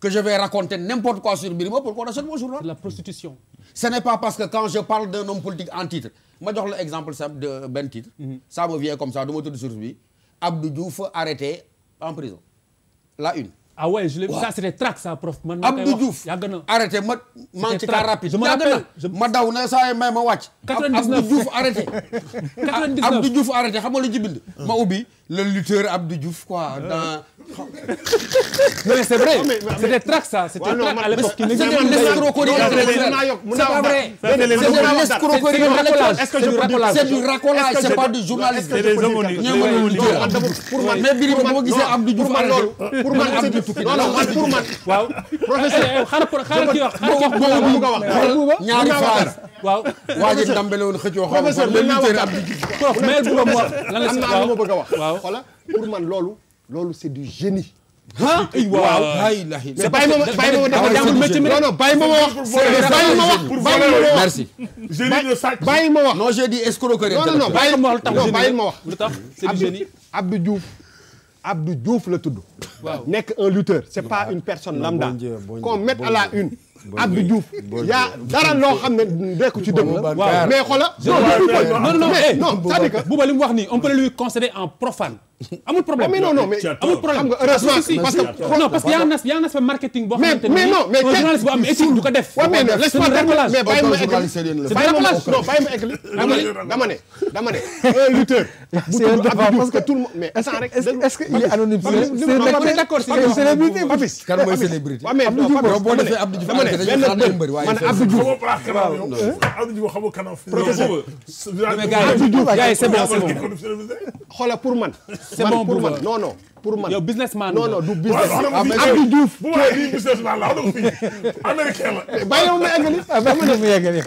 que je vais raconter n'importe quoi sur Birima pour qu'on achète mon journal. la prostitution. ce n'est pas parce que quand je parle d'un homme politique en titre ma jox la exemple simple de euh, benn titre. Mhm. ça me vient comme ça du ma tudd source bi Abdou en prison la une. ah ouais je l'ai ça c'était track ça prof man ma koy wax Abdou Diouf yàgg na arrêté ma man ci car rapide yàgg na ma daw na saa may ma wàcc. 99 Abdou Diouf arrêté. 99 Abdou Diouf arrêté xam nga lu ci bind. ma ubbi le lutteur Abdou Diouf quoi ah. dans. mais c'est vrai c'était track ça c'était track à l'époque. c'est de l'escroquerie c'est pas vrai c'est de l'escroquerie c'est du racolage c'est pas du journalisme. mais Birima boo gisee Abdou Diouf arrêté pour man tukki. non non man pour man. waaw professeur eh, eh, xaaral ko xaaral kii wax. boobu nga wax ñaari phrase. waaw waa ji ndàmbale woon xëccoo xaw ma ko léegi teel am. prof mayel bu ma wax lan la si waaw am naa lu ma bëgg a wax. waaw xoola pour man loolu. loolu c'est du génie. ah waaw aywa mais bàyyi ma ma bàyyi ma ma dafa jàngul métier mi. non non bàyyi ma ma wax. bàyyi ma wax bàyyi ma wax. merci. bàyyi ma wax. non j'ai dit escroquerie. non non bàyyi ma wax lu tax. non bàyyi ma wax. lu tax c'est du génie. Abdou Diouf. Abdou Diouf la tudd. waaw nekk un lutteur. c'est pas une personne lambda. qu'on mette à la une. Abdou Diouf yaa dara loo xam ne nekk ci dëgg la waaw mais xoola non non non c'est-à-dire que Bouba li mu wax nii on peut lui considérer en profane amul problème mais non non mais amul euh, problème heureusement parce que non parce que y a un aspect y a un aspect marketing boo xamante ne mais non mais journaliste bu am éthique du ko def mais mais bàyyi ma eggali non bàyyi ma eggali dama ne dama ne dama ne un lutteur bu tudd Abdou Diouf parce que tout le monde mais instant rek est-ce que il est anonyme c'est d'accord c'est une célébrité Papis kan mooy célébrité Abdou Diouf boo defee Abdou Diouf man Abdou Diouf Abdou Diouf xamu kanam professeur mais gars yi c'est bon c'est bon xoolal pour man c'est bon pour man non non pour man yow businessman non non du business. Abdou Diouf bu ma di businessman la xam nga américain la. Eh, bàyyi wu ma eggali ah bàyyi ma mu eggali.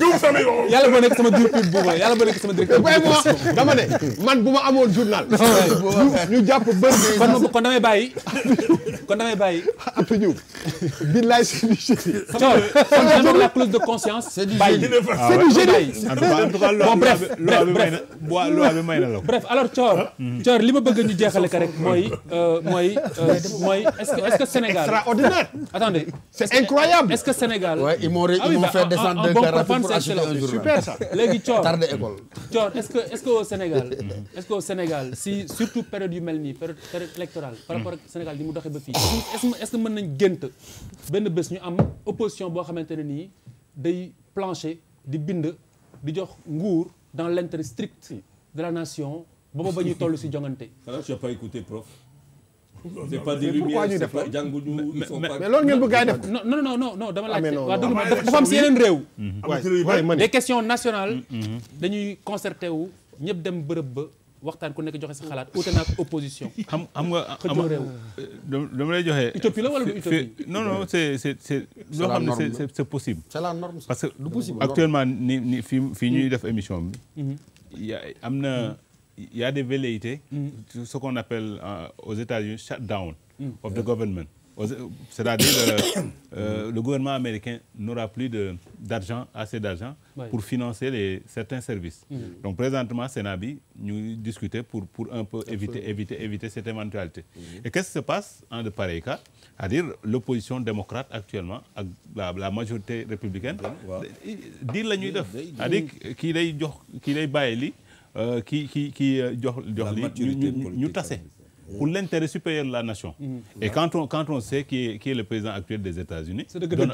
Diouf sama yow. yàlla boo nekk sama directeur boobu yàlla boo nekk sama directeur eh, boobu. dama ne man bu ma amoon journal. ñu jàpp bëri. kon kon damay bàyyi kon damay bàyyi. Abdou Diouf. billaay c'est du génie. c'est la clause de conscience. c'est du génie c'est du génie. en tout cas loolu may na la bref alors Thior Thior li bëgg ñu jeexale ka rek mooy euh, mooy euh, mooy est-ce que est-ce que Sénégal extraordinaire que Sénégal ouais ils m'ont ah ils m'ont fait descendre d'un car rapide pour acheter un journal super ça léegi Thior est-ce que Sénégal est-ce que Sénégal si surtout période yu mel nii période période électorale par rapport ak Sénégal di mu doxee ba fii est-ce que mën nañ gént benn bés ñu am opposition boo xamante ne nii day plancher di bind di jox nguur dans l'intérêt strict de la nation booba ba ñu toll si jongante. alors tu n'as pas écouté prof. c'est pas des lumières c'est mais loolu ngeen bëgg a def non non non non dama ah, ma ah, dafa am si yeneen réew. Mm-hmm. waay des questions mm-hmm. dañuy concerté wu ñëpp dem bërëb ba waxtaan ku nekk joxe sa xalaat uute naag opposition. xam xam nga xëjoo réew. Euh, dama lay joxe. utopie la wala du utopie. non non c'est c'est c'est loo xam ne c'est c'est possible. c'est la fii fii ñuy mm-hmm. def émission bi. am na. il y a des velléités. sur mm. ce qu'on appelle euh, aux États-Unis shutdown mm. of the government. C'est-à-dire euh, euh, le gouvernement américain n'aura plus de d'argent assez d'argent pour financer les certains services. Mm -hmm. Donc présentement Sénat bi ñu discuter pour pour un peu Absolument. éviter éviter éviter cette éventualité. Mm -hmm. Et qu'est-ce qui se passe en de pareils cas? C'est-à-dire l'opposition démocrate actuellement la la majorité républicaine. Wow. la ñuy def. C'est-à-dire kii lay jox Euh, ki ki ki euh, jox jox ñu tase pour l'intérêt supérieur de la nation mm-hmm. et quand on quand on sait qui est qui est le président actuel des États-Unis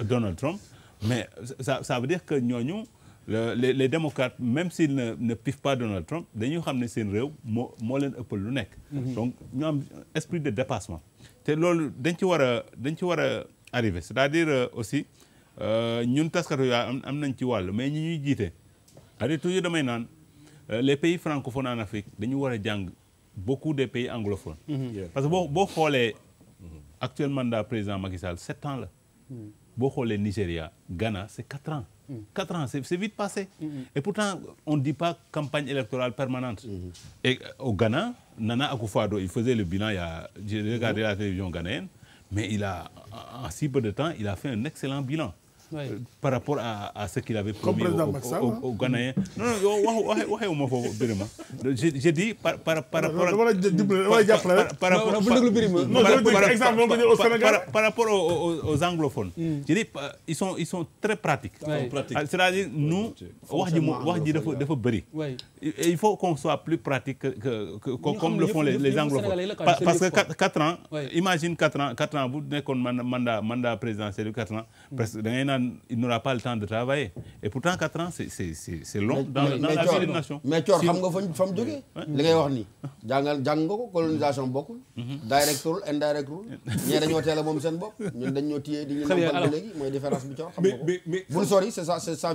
Donald Trump mais ça ça veut dire que ñooñu le les démocrates même s'ils ne ne piffent pas Donald Trump dañuy xam ne seen réew moo moo leen ëppal lu nekk mm-hmm. donc ñu am esprit de dépassement te loolu dañ ci war a dañ ci war a arrivé c'est-à-dire euh, aussi ñun taskatu yaa am nañ ci wàll mais ñu ñuy jiite c'est-à-dire toujours Euh, les pays francophones en Afrique dañu war a jàng beaucoup des pays anglophones. Mhm. parce que boo boo xoolee actuel mandat président Macky Sall sept ans la. Mm. boo xoolee Nigéria gana c' est quatre ans. Mm. quatre ans c'est vite passé. Mm-hmm. et pourtant on ne dit pas campagne permanente. Mm-hmm. et euh, au gana Nana a addo il faisait le bilan il y a j'ai regardé la télévision ghanéenne mais il a si peu de temps il a fait un excellent bilan. oui. Euh, par rapport à à ce qu'il avait promis aux Ghanéens non non yow wax waxee wu ma foofu Birima je je dis par par par rapport. dama la par rapport par rapport aux anglophones. Mm. je dis euh, ils sont ils sont très pratiques. Euh, c'est-à-dire nous wax ji mu wax ji dafa dafa bëri. il faut qu'on soit plus pratique que que comme le font les anglophones parce que quatre ans. imagine quatre ans quatre ans bu nekkoon mandat mandat présidentiel quatre ans parce que da ngay naan il n'aura pas le temps de travailler et pourtant quatre ans c'est long. dans la vie d'une nation mais coor xam nga fa mu jógee. li ngay wax nii jàng nga ko colonisation bokkul. Mhm. direct rule indirect rule. ñee dañoo teel a moom seen bopp ñun dañ ñoo di ñu nambal ba léegi mooy différence bi coor c'est ça c'est ça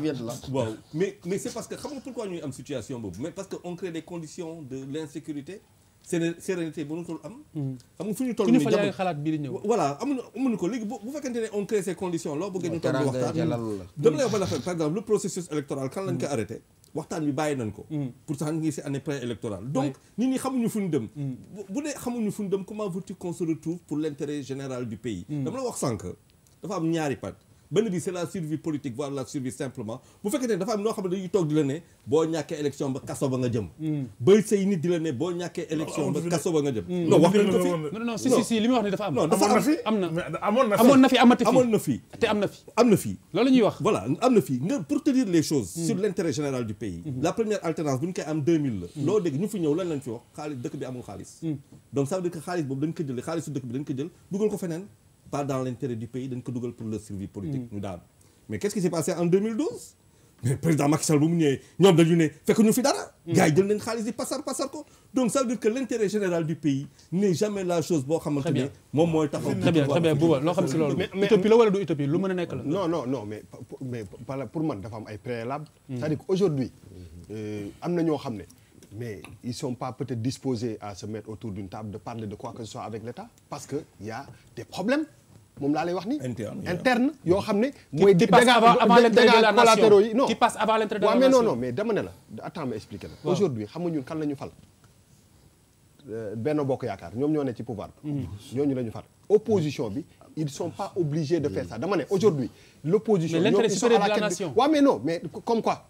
mais c'est parce que xam nga pourquoi am situation boobu mais parce que on crée des conditions de l'insécurité sérénité mënatul am. xam hmm. nga fu ñu toll nii jamono xalaat bii di ñëw. voilà amuñu amuñu ko léegi bu bu fekkente ne on crée ces conditions loo bëggee ñu toll di waxtaan. dama lay wax benn affaire par exemple le processus électoral kan lañ hmm. bi bàyyi nañ ko. Hmm. pourtant ñu ngi si année pré-électorale. donc nit ñi xamuñu fu ñu dem. bu dee xamuñu fu ñu dem comment veux-tu qu'on se retrouve pour l'intérêt général du pays. dama la wax sànq dafa am ñaari pàcc. benn bi c'est la survie politique voire la survie simplement bu fekkee ne dafa am noo xam ne dañuy toog di la ne boo ñàkkee élection ba kaso ba nga jëm hmm. bay say nit di la ne boo ñàkkee élection ba kaso ba nga jëm hmm. non wax nañ dafa am na amoon na fi amoon na fi am na fi am na fi loolu ñuy wax voilà am na fi nga pour te dire les choses hmm. sur l'intérêt général du pays la première alternance bu ñu koy am 2000 la loo dégg ñu fi ñëw lan lañ fi wax xaalis dëkk bi amul xaalis donc ça veut dire que xaalis boobu pas dans l'intérêt du pays dañ ko dugal pour leur survie politique hmm. ñu daanu mais qu'est-ce qui s'est passé en mais président Macky Sall bu mu ñëwee ñoom dañu ne fekk ñu fi dara hmm. gars jël nañ xaalis di pasar pasar ko donc ça veut que l'intérêt général du pays n'est jamais la chose boo xamante ne moom mooy taxaw très bien très bien Bouba du utopie lu mën a nekk la non non non mais pour man dafa am ay préalable hmm. cest dire que aujourd'hui euh, am na ñoo xam ne mais ils sont moom laa lay wax ni interne yoo xam ne mooy dégâts collatéraux yi non waaw mais dama ne la attends ma expliquer la aujourd'hui xam nga ñun kan la ñu fal euh, benn Bokk Yaakaar ñoom ñoo ne ci pouvoir bi mm-hmm. ñooñu la ñu fal opposition bi ils sont pas obligés de faire ça dama ne aujourd'hui l'opposition ñoom ils sont à la mais non mais comme quoi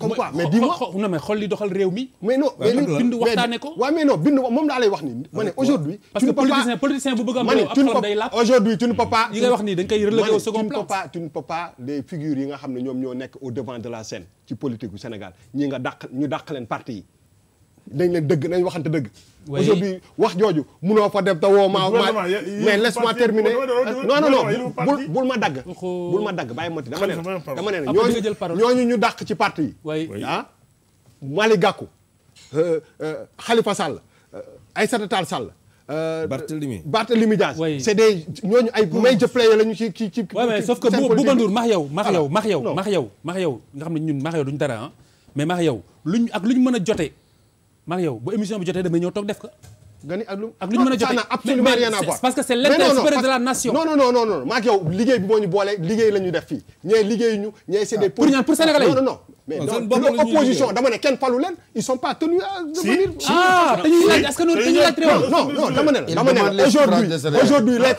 comme quoi mais dis-moi non mais doxal réew mi. bindu waxtaane ko. waaw mais non bindu moom laa lay wax nii. ma ne aujourd'hui tu ne peux politicien bu bëgg a. ma ne tu ne ne peux yi ngay wax nii dañ koy relégué second plan. ma ne tu ne yi nga xam ne ñoom ñoo nekk au devant de la scène ci politique bu Sénégal ñi nga dàq ñu dàq leen parti yi dañ leen dëgg nañ waxante dëgg. aujourd'hui wax jooju munoo fa dem te woo ma ma mais laisse-moi terminer non non non bul bul ma dagg. bul ma ma ti dama ne dama ne ñooñu ñooñu ñu dàq ci parti yi. oui ah Mali Gakou. Euh, euh, Khalifa Sall euh, Aïssata Tall Sall. Barthélemy Barthélemy Dias. oui c'est des ñooñu ay major player lañu ci ci ci. oui mais sauf max yow. max yow max yow max yow max yow nga xam ne ñun max yow duñ dara ah. mais max yow luñ ak ñu mën a jote maa ngi yow émission bi jotee damay ñëw toog def ko. parce que c'est l'intérêt de la nation. non non non non non maa liggéey bi moo ñu liggéey la def fii ñee liggéey ñu ñee c'est ah, pour ñaan pour sénégalais non mais dama ne aujourd'hui aujourd'hui les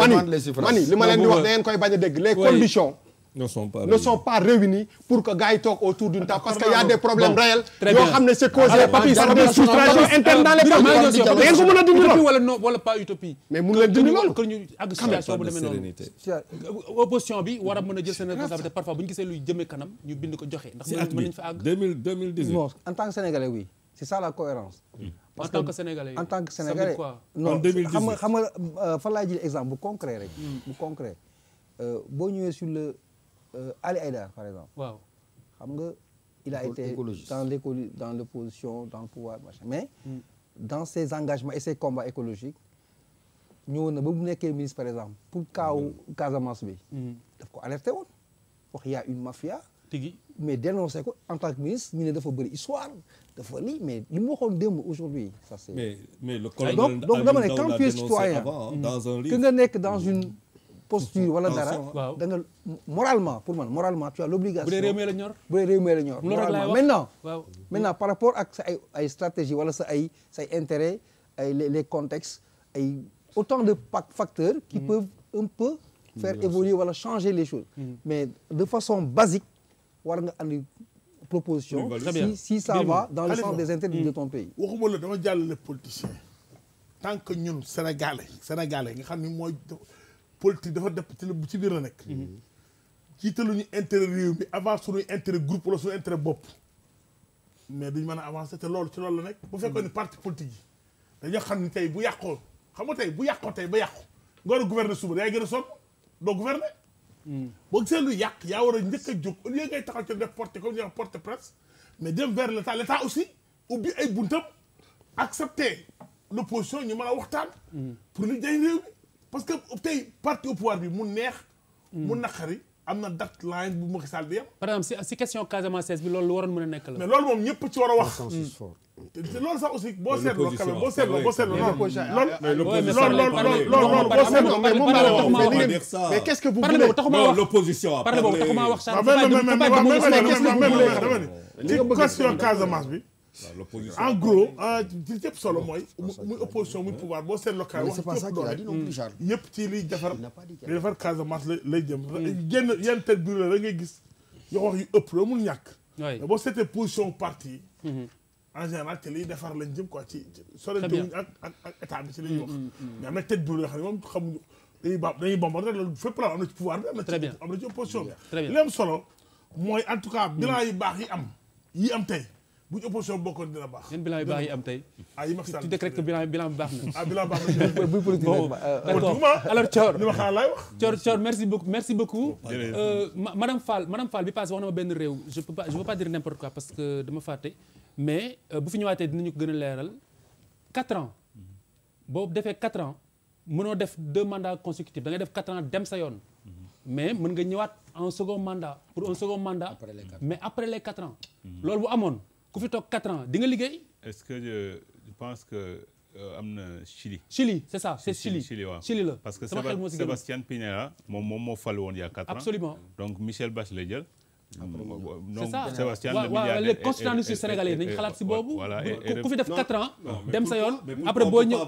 mani li ma leen di wax da koy bañ a dégg les conditions. ne sont pas ne sont pas réunis pour que gars yi toog autour d'une table parce que y a des problèmes réels. yoo xam ne c'est causé par des frustrations internes dans les partis. da ngeen ko mën a dindi lool wala non wala pas utopie. mais mun leen dindi lool que ñu àgg situation bu demee noonu. Euh, opposition bi war a mën a jël seen responsabilité parfois bu ñu gisee luy jëmee kanam ñu bind ko joxe. ndax mën nañu fa àgg deux mille deux mille dix-huit. en tant que sénégalais oui c'est ça la cohérence. Hmm. en tant que sénégalais en tant que sénégalais. non xam nga xam nga euh, fan laay jël exemple bu concret rek. Hmm. bu concret euh, boo ñëwee sur le Euh, Ali Haïdar par exemple. waaw nga. il a été dans dans l'opposition dans le pouvoir machin mais. Mm. dans ses engagements et ses combats écologiques. ñëwoon na ba mu nekkee ministre par exemple pour kaaw mm. Casamance bi. Mm. daf ko alerté woon wax y a une mafia. tigi mais dénoncé ko en tant que ministre ñu ne dafa bëri histoire dafa lii mais li mu waxoon aujourd'hui ça c'est mais mais le colonel donc donc dama ne nga nekk dans une. posture wala dara da nga moralement pour man moralement tu as l'obligation bu dee réew mi la ñor la ñor moralement maintenant waaw maintenant par rapport ak stratégie wala sa ay sa ay intérêt ay les contextes ay autant de facteurs qui mm-hmm. peuvent un peu faire évoluer wala changer les choses mm-hmm. mais de façon basique war nga andi proposition si si ça va dans le sens des mm. intérêts de ton pays waxuma la dama jàllale politique dafa def ci ci biir la nekk. jiitaluñu intere réew mi avant suñuy intérêt groupe wala suñu intérêt bopp. mais duñ mën a avancer te lool ci loolu la nekk. bu fekkoon ni parti politique yi dañoo xam ni tey bu yàqoo xam nga tey bu yàqoo tey ba yàqu. nga war a gouverner suba yaay gën a sonn doo hmm. boo gisee lu yàq yaa war a njëkk a jóg au lieu ngay taxaw ci def porte comme ñu wax porte presse mais dem vers aussi ubbi ay buntam accepter l'opposition ñu mën a waxtaan. Hmm. pour li jëriñ réew mi. parce que tey parti bi mu neex. mu hmm. naqari am na date line bu Macky Sall di yem. par exemple si si question Casamance bi loolu waroon mën a nekk la. mais loolu moom ñëpp ci war a wax. Hmm. te loolu sax aussi boo seetloo quand même boo seetloo boo seetloo non loolu mais qu'est-ce que vous voulez l'opposition a parlé mais mais mais mais en gros li ci ëpp solo mooy. muy opposition muy pouvoir boo seet local wax ci doole yëpp ci liy defar liy defar Casamance lay jëm. génn hmm. yenn tête brûlée la ngay gis yoo wax yu ëpp la parti yi. Hmm. en defar lañ jëm ko ci sorantewuñ ak ak ak état bi hmm, wax. xam ne moom xamuñu dañuy ba dañuy bombardé loolu fépp ci solo mooy en tout cas bilan yu baax yi am yi am tey. bu ñu opposition bokkoon dina am tey. ah yi Macky Sall tuddee rek bilan bilan ah, bi euh, merci beaucoup merci beaucoup. Euh, madame Fall madame Fall bi paase wax benn réew je peux pas que dama fàtte. mais euh, bu fi ñëwaatee dinañu ko gën a leeral quatre ans boo defee quatre ans mënoo def deux mandats consécutifs da ngay def quatre ans dem sa yoon. mais mën nga ñëwaat un second mandat pour un second mandat. mais après les quatre ans. Mm-hmm. loolu bu amoon. ku fi toog quatre ans di nga liggéey. est-ce que je, euh, je pense que euh, am na Chili. Chili c'est ça c'est Chili Chili waaw Chili la. parce que Sébastien Piñera moom moom moo fal woon il y a quatre ans. absolument donc Michel Bachelet jël. c'est ça Sébastien waaw waaw les boobu ku fi def 4 ans sa yoon après boo ñëw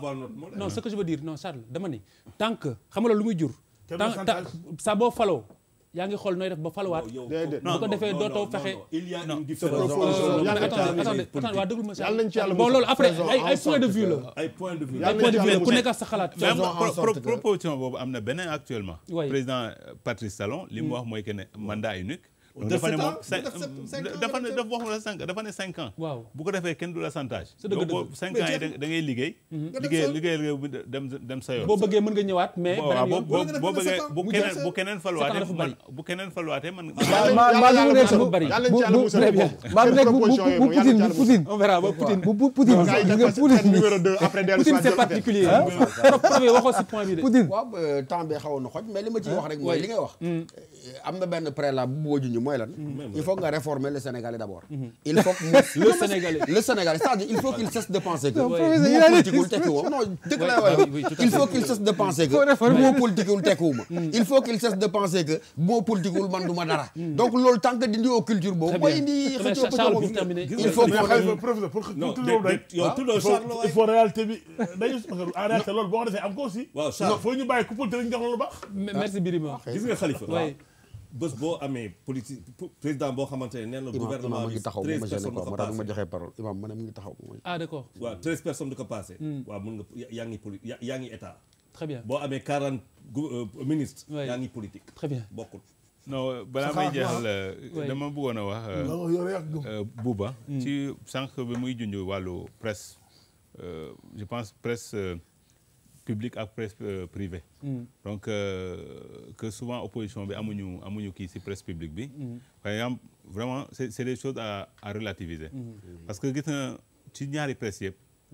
non ce que je veux dire non Charles dama ne tant que xam nga lu muy jur tant ça boo faloo yaa ngi xool nooy def ba faluwaat. bu ko defee dootoo fexe. il y a une différence. Euh, waa déglu ma si bon loolu après ay point de vue la. ay point de vue la ku nekk proposition boobu am na beneen actuellement. président euh, Patrice Talon li mu mm. wax mooy que ne mandat unique. dafa ne moom dafa dafa ne cinq ans waaw bu ko defee kenn du la santage yow boo cinq liggéey mhm. liggéey liggéey liggéey dem sa yoon boo bëggee mën nga ñëwaat mais bu keneen bu keneen bu keneen faluwaatee man maa ngi nekk bu bari bu Poutine bu Poutine on verra ba bu Poutine Poutine c'est particulier waxoo si point bi de euh, temps bi xawoon na xoj mais li ma ciy wax rek mooy li ngay wax Euh, am na benn préalable bu boo junj mooy lan. Mm-hmm. il faut nga réformer le Sénégalais d'abord. Mm-hmm. il faut que le Sénégalais le Sénégalais cest dire il faut qu'il cesse de penser que. non politiquewul tekkiwoo non mm. dëgg il faut qu'il cesse de penser que. moo moo politiquewul man du dara. Mm. donc loolu tant dindi woo culture boobu. mooy indi xëccoo ko il que professeur ah, il faut réalité bi euh, dañu en réalité loolu boo ko defee am ko aussi. waaw Charles foo ñu bàyyi couple te ñu jox loolu baax. merci bës boo amee politique président boo xamante ne nee na gouvernement bi treize personnes ko passé ma joxe parole imam ma ne mu ngi taxaw ah d'accord waaw ko passé hmm. waaw mun yaa ngi poli yaa ngi état très bien boo amee quarante euh, ministre yaa ngi politique très bien bokkul non euh, balaa may jeexal euh, dama bëggoon a wax Bouba hmm. ci sànq bi muy junj wàllu presse je pense presse publique ak presse euh, mm. donc euh, que souvent opposition bi amuñu amuñu kii si presse publique bi mm. par exemple vraiment c'est c'est des choses à relativiser mm. parce que gis na ci ñaari presse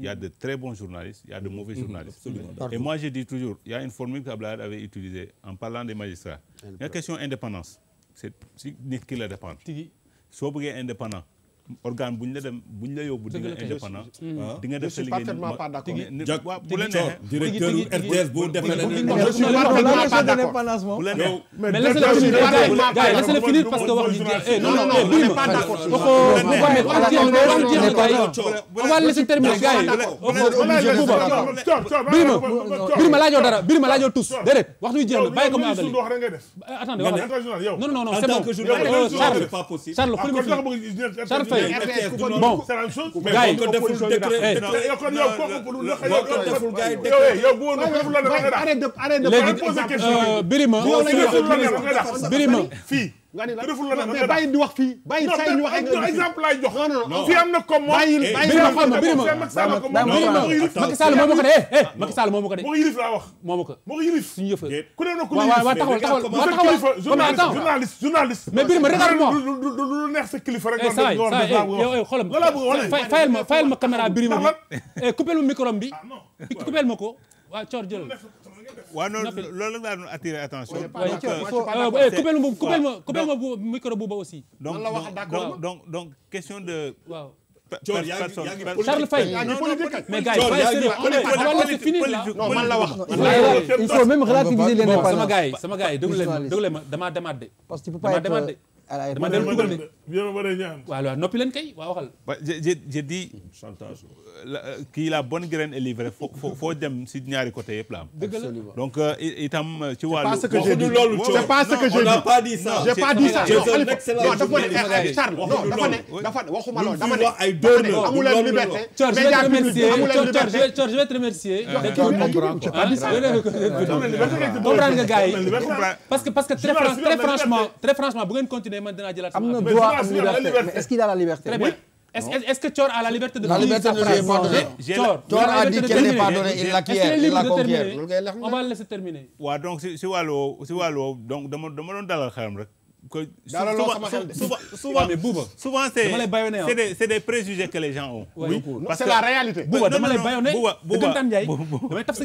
a de très bons journalistes il y a de mauvais journalistes et moi je dis toujours il une formule que Abdoulaye avait utilisée en parlant des magistrats la question indépendance si nit ki la dépendre soo bëggee indépendant organe bu ñu la dem bu ñu la yóbbu di nga indépendant di nga def sa liggéey bu la neexee directeur RTS bu defee je suis parfaitement pas d'accord bu la neexee mais laissez le finir parce que wax ji non non non on n'est pas d'accord on va laisser terminer gars yi Birima Birima laajoo dara Birima laajoo tous déedéet waxtu bi jeex na bàyyi ko mu àggali attendez non non non c'est bon Charles Charles bon gars yi boo nga ni la mais bàyyi di wax fii bàyyi saa yi na comme moom bàyyi ma xam ma birima Macky Sall moo ma ko de eh Macky Sall moo ma ko wax moo ma ko moo ko yilif ma bi eh, coupel ma micro bi ah, ma ko waaw coor waaw non loolu laa doon attirer attention. coupez ma coupez ma micro Bouba aussi. donc donc donc question de. waaw. Charles Faye mais gars yi fini la wax. il faut même relativiser les sama gars yi sama gars yi déglu leen damaa demaat de. parce que tu peux pas ay dama dem dugal ne yéen a war a ñaan waaw waaw noppi leen kay waaw waxal je je dis chantage kii la bonne graine est livrée foo foo dem si ñaari côté yëpp la am donc itam ci wàllu c'est pas ce que j'ai dit c'est pas ce que j'ai dit on n'a pas dit ça j'ai pas dit ça non dafa ne Charles non dafa ne dafa ne waxuma loolu dafa ne ay dóor amu leen liberté Georges je vais te remercier comprendre nga gars yi parce que parce que très franchement très franchement bu ngeen continuer mais man dinaa jëlaat. am na est-ce qu'il la liberté. très bien est-ce que Thior la liberté de. la liberté de jouer Thior. Thior a dit la conquiert. on va laisser terminer. waaw donc si si si wàllu donc dama dama dalal xelam rek. daal loo sama xel c'est c'est des c'est des préjugés les gens ont. oui parce que c'est la réalité. Bouba dama lay bayone. Bouba Bouba damay taf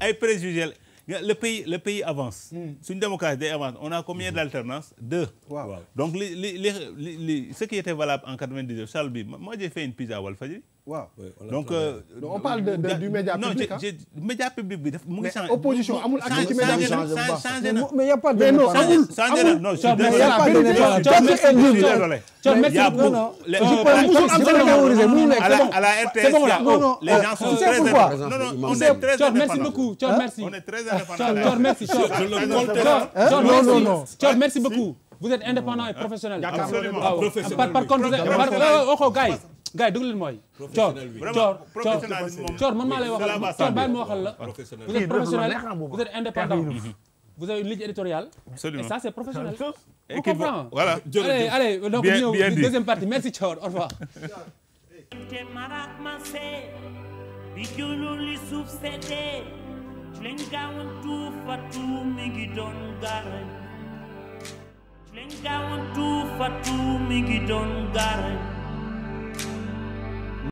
ay préju ay le pays le pays avance. Hmm. suñu démocratie day avance on a combien hmm. d'alternances deux. waaw donc li li li li ce qui était valable en quatre-vingt-dix-neuf Charles bi moi une pizza Walfadjri waaw donc on parle de du média public non média public bi daf mu ngi changé opposition amul ak ci média bi changé na mais y a pas de non amul amul non je à la RTS les gens sont très on est très merci beaucoup merci on est très indépendant merci non non non merci beaucoup vous êtes indépendant et professionnel par contre waxoo gars yi gars yi déglu leen mooy. professionnel bi coor coor man maa lay waxal coor bàyyi ma waxal vous êtes professionnel vous êtes indépendant. vous avez une ligne éditoriale. et ça c'est professionnel. on comprend voilà allez allez donc ñu ñëw partie merci coor au revoir. bi julul